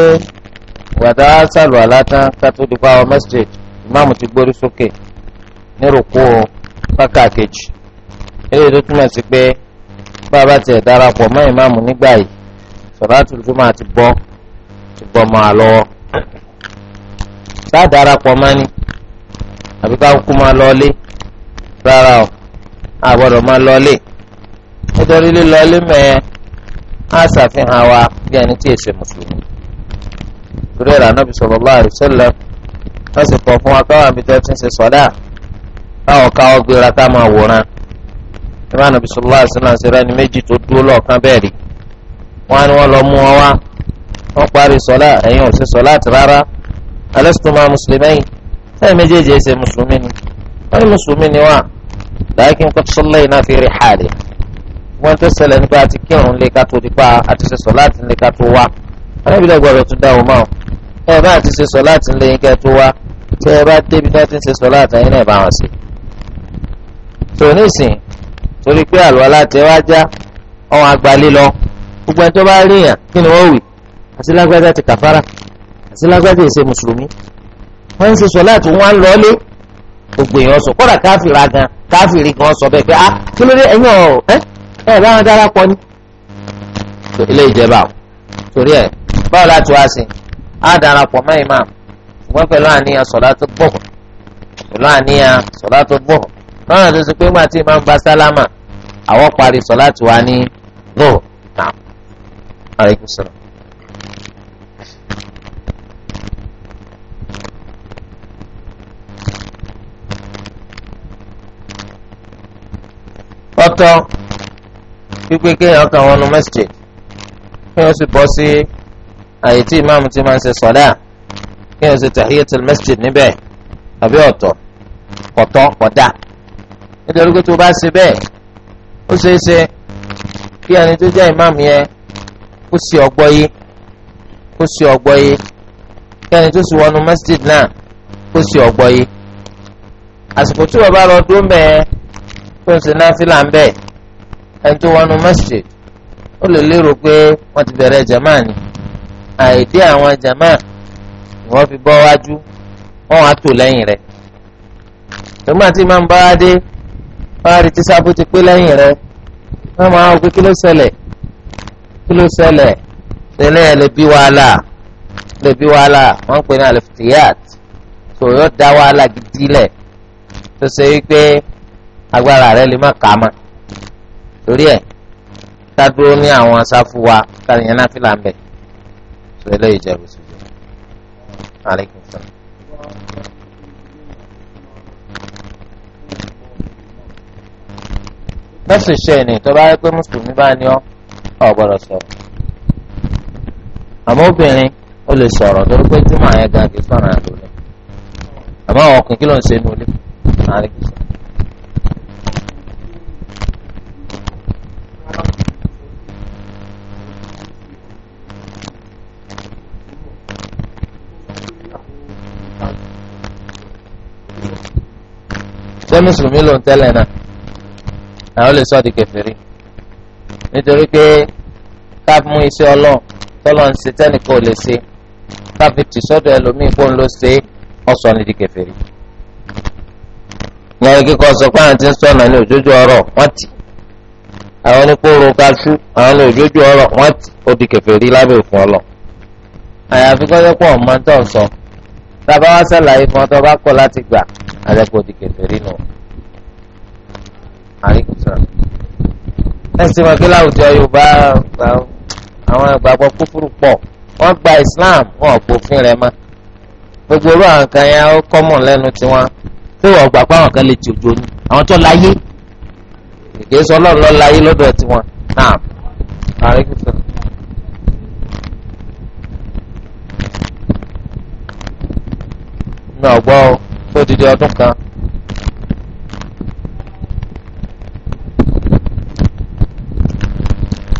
wàdà sàlù alátán kátó dípá ọ masjid ìmáàmù ti gbórí sókè nírùkú rákà kejì èyí tó túmọ̀ sí pé bàbá tiẹ̀ darapọ̀ mọ́ ìmáàmù nígbà yìí sọláàtù júmọ̀ ti bọ́ ti bọ́ mọ́ àlọ́wọ́ sáà darapọ̀ mọ́ ni àbí ká kú máa lọlé rárá o àgbọ̀dọ̀ máa lọlé nítorí lílọlé mẹ́ẹ̀ á ṣàfihàn wa bí ẹni tí èsè mùsùlùmí torí ẹ̀rọ anábì sallallahu alaihi wasallam wọ́n sì pọ̀ fún wa káwọn àbí tó ti ń ṣe sọ́dá káwọn káwọn gbéra ká máa wòran ìmọ̀ anábì sallallahu alaihi wasallam ṣe rẹ́ni méjì tó dúró lọ́ọ̀kan bẹ́ẹ̀ rí wọ́n á ní lọ mú wọn wá wọ́n parí sọ́lá ẹ̀yin ò ṣe sọ́lá àti rárá alastu ma muslimayn sẹ́yìn méjèèjì ẹ̀ ṣe mùsùlùmí ni wọ́n ní mùsùlùmí ni wọ́n làákín kọ́ sọ́lá iná fi rí hàlẹ̀ wọ́n tó ṣẹlẹ̀ nípa àti kírun lè ká tó dípa àti ṣe sọ̀láàtì lè ká tó wá alábìlẹ̀ gbọ́dọ̀ tún dá òun mọ́ ẹ bá àti ṣe sọ̀láàtì lè yín kẹ́ tó wá tẹ́ ẹ bá débi náà ti ń ṣe sọ̀láàtì náà bá wọn ṣe. tò torí pé àlùwàlá tẹ wá já ọ̀hún àgbálẹ̀ lọ gbogbo ẹni tó bá ríyàn kí ni wọ́n wì àti lágbájá ti kàfárà àti lágbájá ìṣe mùsùlùmí wọ́n ń ṣe sọ̀láàtì wọn ń lọlé gbogbo èèyàn sọ kódà káfìrí gan káfìrí gan sọ bẹ́ẹ̀ pé ah kí ló dé ẹ̀yin ọ̀ ẹ́ ẹ̀ bá wọn darapọ̀ ni. ilé ìjẹba o torí ẹ báwo láti wá sí á darapọ̀ mọ́ imam ṣùgbọ́n pẹ̀lú àníyàn sọ̀láàtì gbọ̀hùn pẹ̀lú àníyàn sọ̀láàtì gbọ̀hùn lọ́nà tó ṣe pé ńgbà tí imam gba sálámà àwọn parí sọ̀láàtì wa ní lóò náà. kọ́tọ́ pípé kéèyàn kan wọnú mẹ́sítì kéèyàn sì bọ́ sí àyè tí ìmáàmù ti máa ń ṣe sọ́lá kéèyàn sì tahiyatul mẹ́sítì níbẹ̀ àbí ọ̀tọ̀ kọ̀tọ́ kọ̀dá nítorí pé tó bá ṣe bẹ́ẹ̀ ó ṣeé ṣe kí ẹni tó jẹ́ ìmáàmù yẹn kó sí ọgbọ́ yìí kó sí ọgbọ́ yìí kí ẹni tó sì wọnú mẹ́sítì náà kó sí ọgbọ́ yìí àsìkò tí wọ́n bá lọ dún bẹ́ẹ̀ tó ń ṣe náfìlà ń bẹ̀ ẹni tó wọnú masjid ó lè lérò pé wọ́n ti bẹ̀rẹ̀ jama ni àìdí àwọn jama ni wọ́n fi bọ́ wájú wọ́n wá tò lẹ́yìn rẹ̀ tòmá tí máa ń bá wá dé wọ́n á rí ti pé lẹ́yìn rẹ̀ wọ́n máa wọ pé kí ló ṣẹlẹ̀ kí ló ṣẹlẹ̀ ṣẹlẹ̀ lè bí wàhálà lè bí wàhálà wọ́n pè ní alifitiyat tòyọ́ da wàhálà gidi lẹ̀ tó ṣe wípé agbára rẹ lè má kà á ma torí ẹ dádúró ní àwọn asáfù wa káyọ̀ náà fi là ń bẹ̀ sọ eléyìí jẹ́ bó ṣe jẹ́ alaikum salaam. nọ́ọ̀sì ṣe ni tó bá yẹ pé mùsùlùmí bá ní ọ ọ gbọ́dọ̀ sọ̀rọ̀ àmọ́ obìnrin ó lè sọ̀rọ̀ torí pé tí màá yẹ gan kì í sọ̀rọ̀ àlùlẹ̀ àmọ́ ọkùnrin kí ló ń ṣe nulẹ̀ àríkì sọ̀rọ̀. ṣé mùsùlùmí ló ń tẹ́lẹ̀ náà àwọn lè sọ di kèfèrí nítorí pé ká mú iṣẹ́ ọlọ́run tọ́lọ́ ń ṣe tẹ́nìkan ò lè ṣe ká fi tì sọ́dọ̀ ẹlòmíì kó ń lọ ṣe ọ̀sọ̀ ni di kèfèrí. ìyẹn kíkọ sọ pé àwọn ti ń sọ̀nà ní òjòjú ọ̀rọ̀ wọ́n ti àwọn ní kóró kaṣú àwọn ní òjòjú ọ̀rọ̀ wọ́n ti ó di kèfèrí lábẹ́ òfin ọlọ́ àyàfi kọ́jọ́ pọ̀ ọ̀mọ́ntàn sọ. So tàbá wá sàlàyé fún ọ tó bá kọ̀ láti gbà àdẹ́kù òdì kẹfẹ́rí nù. ẹ̀sìn wọn kí láwùjọ Yorùbá àwọn àgbàgbọ́ kúkúrú pọ̀ wọ́n gba Islam wọn ò gbófin rẹ̀ mọ́ gbogbo olú àwọn kan yẹn ó kọ́mọ̀ lẹ́nu tiwọn tí wọ́n gbà pé àwọn kan lè jòjò ni àwọn tó láyé ìgbésọ́ ọlọ́run lọ́ọ́ láyé lọ́dọ̀ tiwọn náà. mi ò gbọ́ ọ tó ti di ọdún kan.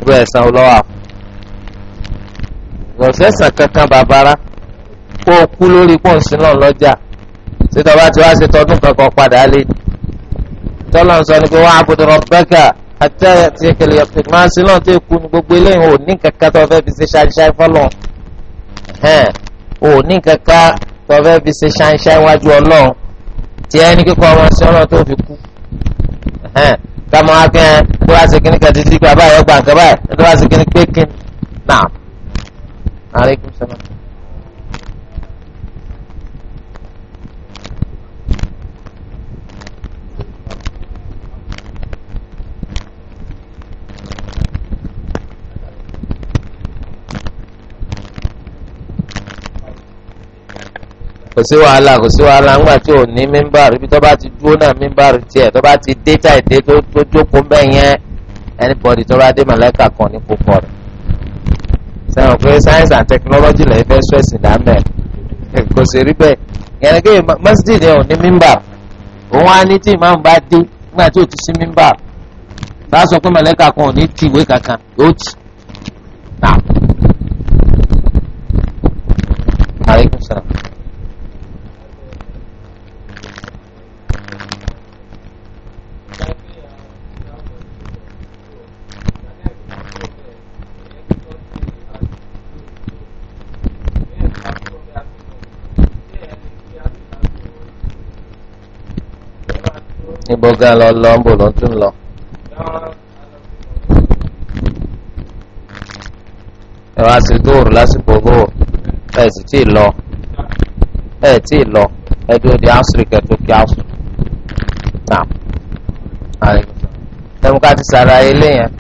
ìwé ẹ̀sán olówó àfọ̀ ìwọ̀sẹ̀sán kankan bàbára kó o kú lórí pọ́ǹsì náà lọ́jà sítọ́ba tí wàá ṣe tọdún kankan padà lé tọ́lọ̀ ń sọ ni pé wọ́n á gbọdọ̀ rọ bẹ́kà àti àti ìkẹlẹ̀ ọ̀pẹ̀ máa ṣe náà tó kú ni gbogbo eléyìí ò ní kankan tó fẹ́ fi ṣe ṣáṣáṣá fọlọ́ ò ní kankan tọ́fẹ́ fi ṣe ṣáńṣá iwájú ọlọ́run tí ẹni kíkọ́ ọmọ sí ọlọ́run tó fi kú táwọn akẹ́hìn tó bá ṣe kíní kẹ́tì tí bàbá yọ gbàǹkẹ́ báyìí tó bá ṣe kíní pé kíní náà. alaikum salaam. kò sí wàhálà kò sí wàhálà ńgbà tí ò ní mímbàrú ibi tó bá ti dúró náà mímbàrú tiẹ̀ tó bá ti dé tá ìdé tó jókòó bẹ́ẹ̀ yẹn anybody tó bá dé màláìka kan ní púpọ̀ rẹ̀ sẹ́wọ̀n pé science and technology lè fẹ́ sọ ẹ̀sìn dámẹ́ kò sì rí bẹ́ẹ̀ yẹn kí masjid yẹn ò ní mímbàrú òun á ní tí ìmáàmù bá dé nígbà tí ò ti sí mímbàrú bá sọ pé màláìka kan ò ní ti ìwé kankan yóò ti nà. Aleykum salaam. níbo gan lọ lọ ń bò ló ń tún lọ. ẹ wá sí dóòrù lásìkò dóòrù ẹ sì tí ì lọ ẹ tí ì lọ ẹ dúró di áṣírí kẹtó kí áṣírí náà ẹmu ká ti ṣàlàyé léyìn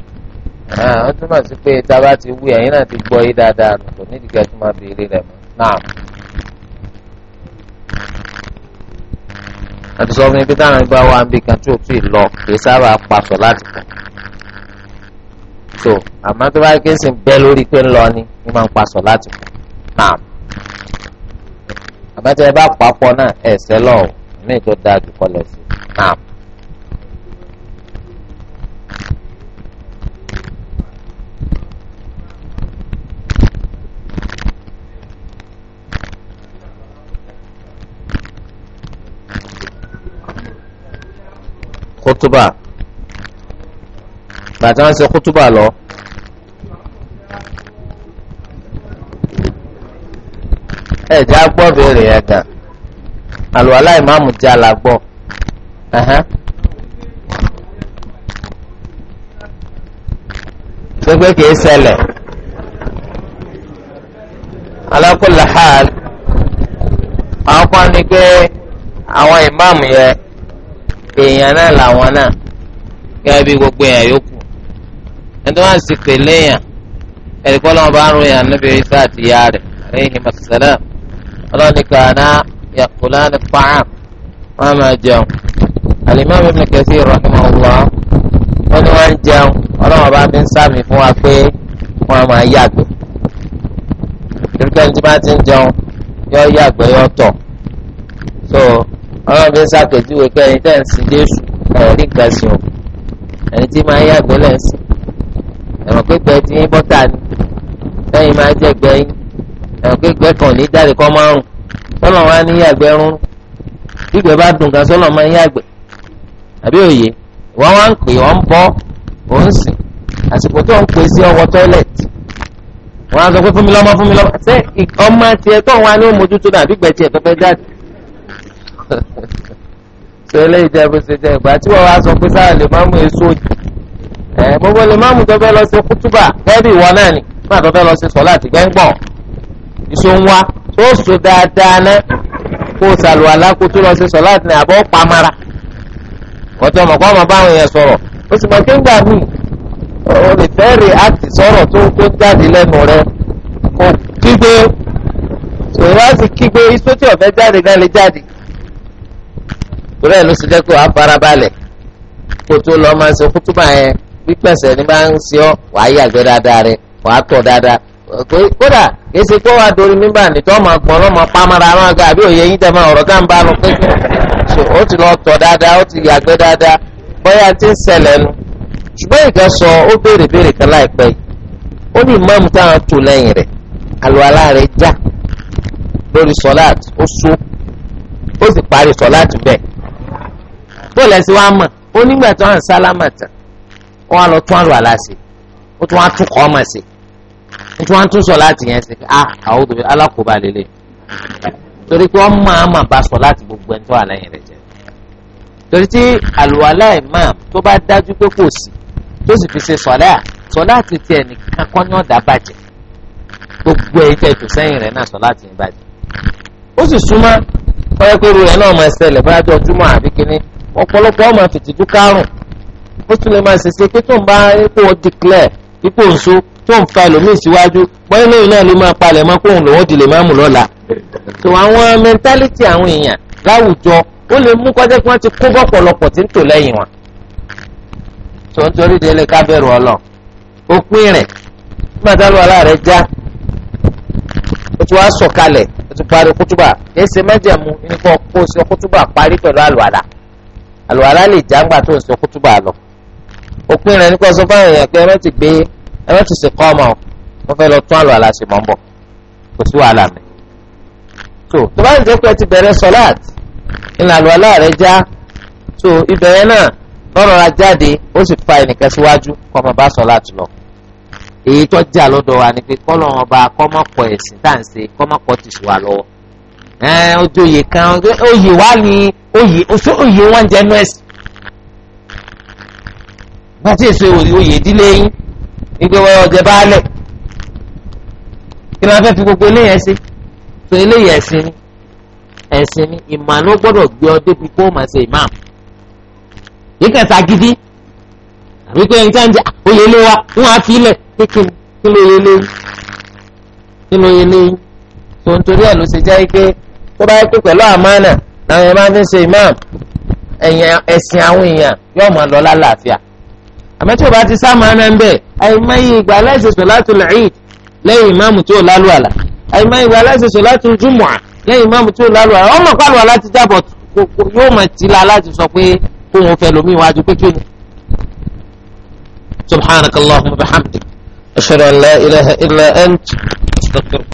ó túmọ̀ sí pé tá a bá ti wí ẹ̀yin náà ti gbọ́ yí dáadáa kò nídìí kẹ́ tó máa béèrè rẹ̀ mọ́ náà. àti sọ fún mi pé táwọn ẹgbẹ́ wa ń bí kan tí o tún lọ kì í sábà paṣọ láti kàn so àmọ́ tó bá yẹ kí n sì bẹ́ lórí pé ń lọ ni ní máa ń paṣọ láti kàn náà àmọ́ tí ẹ bá pàápọ̀ náà ẹ̀ sẹ́lọ̀ ní ìtọ́ dáa jù lọ sí náà. kútúbà bàtà wọn ṣe kútúbà lọ. ẹ̀já gbọ́ béèrè yẹn gan àlùwàlá ìmáàmù jẹ́ àlàgbọ́. gbẹgbẹ kìí ṣẹlẹ̀ alákòlá hàn àwọn kan ní pé àwọn ìmáàmù yẹn. èèyàn náà làwọn náà gẹ́gẹ́ bí gbogbo èèyàn yòókù ẹni tó wá sí pèlè èèyàn ẹ̀ríkọ́ lọ́wọ́ bá ń ro èèyàn níbi àti ìyá rẹ̀ àríyìn màsàlẹ̀ ọlọ́ni kàná yàkùlá wọ́n á máa jẹun alimami ibn Kathir rahimahullah wọ́n wọ́n ń jẹun ọlọ́wọ́ bá ń sàmì fún wa pé wọ́n á máa yàgbẹ́ tí ti ń jẹun yọ yàgbẹ́ yọ tọ̀ ọlọ́run fi ń ṣàpèjúwe pé ẹni tẹ́ ń sin jésù ẹ̀ rí nǹkan sìn o ẹni tí máa ń yàgbẹ́ lẹ́sìn ẹ̀wọ̀n pípẹ́ ti yín bọ́tà ni lẹ́yìn máa jẹ́ gbẹ́ yín ẹ̀wọ̀n pípẹ́ kan ní jáde kọ́ márùn sọ́nà wa ní yàgbẹ́ rún gbígbẹ́ bá dùn kan sọ́nà máa ń yàgbẹ́ àbí òye wọ́n wá ń pè wọ́n ń bọ́ òun sìn àsìkò tó ń pè sí ọwọ́ tọ́ílẹ̀tì wọ́n á sọ pé fún mi lọ́mọ fún mi lọ́mọ ṣé ọmọ tiẹ̀ tó wà ní òmójútó náà àbí gbẹ̀ tiẹ̀ tó fẹ́ jáde sọ eléyìí jẹ́ bó ṣe jẹ́ ìgbà tí wọ́n wá sọ pé sáà lè má mú èso ẹ̀ gbogbo lè má mú lọ sí kútúbà bẹ́ẹ̀bì ìwọ náà ni má lọ sí sọ́lá àti gbẹ́ngbọ̀n ìṣó ń wá ó so dáadáa ná kó o lọ sí sọ́lá àti àbọ̀ pamara ọmọ báwọn sọ̀rọ̀ ó sì o lè fẹ́ react sọ̀rọ̀ tó tó jáde lẹ́nu rẹ kígbe torí ẹ̀ ló ṣe jẹ́ pé wàá farabalẹ̀ kó tó máa yẹn pípẹ̀sẹ̀ ń wàá yàgbẹ́ dáadáa rẹ wàá tọ̀ dáadáa kódà wàá dorí máa gbọ́n pamara àwọn àga àbí òye yín ọ̀rọ̀ ká ń bá lọ pé ó ti lọ tọ̀ dáadáa ó ti yàgbẹ́ dáadáa bóyá ti ń ṣẹlẹ̀ nu ṣùgbọ́n ìgbà sọ ó béèrè béèrè kan láìpẹ́ ó ní táwọn bọ́ọ̀lù ẹ̀sìn wa mọ̀ ó nígbà tó hàn sálámà tán ó wá lọ tún àlọ́ àlàsì ó tún wá tún kọ́ ọmọ sí ó tún wá tún sọ láti yẹn sí ah àwọn òbí alákòóbá lélẹ̀ torí pé wọ́n máa mà bá sọ láti gbogbo ẹni tó wà lẹ́yìn rẹ̀ jẹ́ torí tí àlùwalá imam tó bá dájú pé kò sí tó sì fi ṣe sọ̀lá sọ̀lá àti tiẹ̀ nìkan kọ́ ní ọ̀dà bàjẹ́ gbogbo ẹ̀yìn tẹ̀ tó sẹ́yìn rẹ̀ náà sọ̀lá àti ìbàjẹ́ ó sì súnmọ́ ọ̀rẹ́ rẹ̀ náà máa ṣẹlẹ̀ bóyá tó ọdún mọ́ ọ̀pọ̀lọpọ̀ ọmọ tètè dún kárùn ó tún lè máa ṣèṣe pé tó ń bá epo declare ipò nso tó ń fa ẹlòmíì síwájú bọ́yá lóyún náà ló máa palẹ̀ mọ́ kóhùn lòun di lè máa mú lọ́la. tó àwọn mẹ́ńtálítì àwọn èèyàn láwùjọ ó lè mú kọjá kí wọ́n ti kó bọ́pọ̀lọpọ̀ tí ń tò lẹ́yìn wọn. tó ń torí délé ká bẹ̀rù ọlọ òpin rẹ̀ nígbà táwọn ará rẹ̀ já ó ti wá sọ̀kalẹ̀ ó ti parí kútúbà kì í ṣe mẹ́jẹ̀mú nípa kó o ṣe parí pẹ̀lú àlùwàlà àlùwàlá lè já ńgbà tó ń sọ kútúbà lọ òpin rẹ̀ nípa sọ fáwọn èèyàn pé ẹ má ti gbé ẹ má ti sèkọ́ ọmọ wọn fẹ́ lọ tún àlùwàlá ṣe mọ́ ń bọ̀ kò sí wàhálà mi. tó tó bá ń jẹ́ pé ẹ ti bẹ̀rẹ̀ sọ́láàt ìlànà àlùwàlá rẹ̀ já tó ìbẹ̀rẹ̀ náà lọ́rọ̀ ra jáde ó sì fa ẹnìkan síwájú kọ́ ọmọ bá sọ́láàt lọ. èyí tó jà lọ́dọ̀ wa ni pé kọ́lọ́ ẹ eh, ojú oyè kan oyè wá ní oyè oṣù oyè wọn jẹ nú ẹsẹ bàtí èso oyè ìdílé yín ìgbé wọn ọjẹ baálẹ̀ kí ni wọn fẹẹ fi gbogbo eléyìí ẹsẹ tó eléyìí ẹsẹ ni ẹsẹ ni ìmàánú gbọ́dọ̀ gbé ọ débi kó o máa ṣe ìmáà yìí kẹta gidi àbí pé ẹni tí wọn jẹ oyè lé wa wọn á fi ilẹ̀ kékeré kí ló yẹ lé kí ló yẹ lé tó ń torí ẹ̀ ló ṣe jẹ́ pé tó bá yẹ pé pẹ̀lú àmánà làwọn yẹn máa fi ń ṣe imam ẹ̀sìn àwọn èèyàn yóò máa lọ lálàáfíà àmọ́ tí o bá ti sáàmánà ń bẹ̀ àìmọye ìgbà aláìsè solatul Eid lẹ́yìn imam tó lálù àlà àìmọye ìgbà aláìsè solatul Jumu'ah lẹ́yìn imam tó lálù àlà ọmọ pàlọ́ àlá ti jábọ̀ yóò máa ti la láti sọ pé kó fẹ́ lómi iwájú pé kí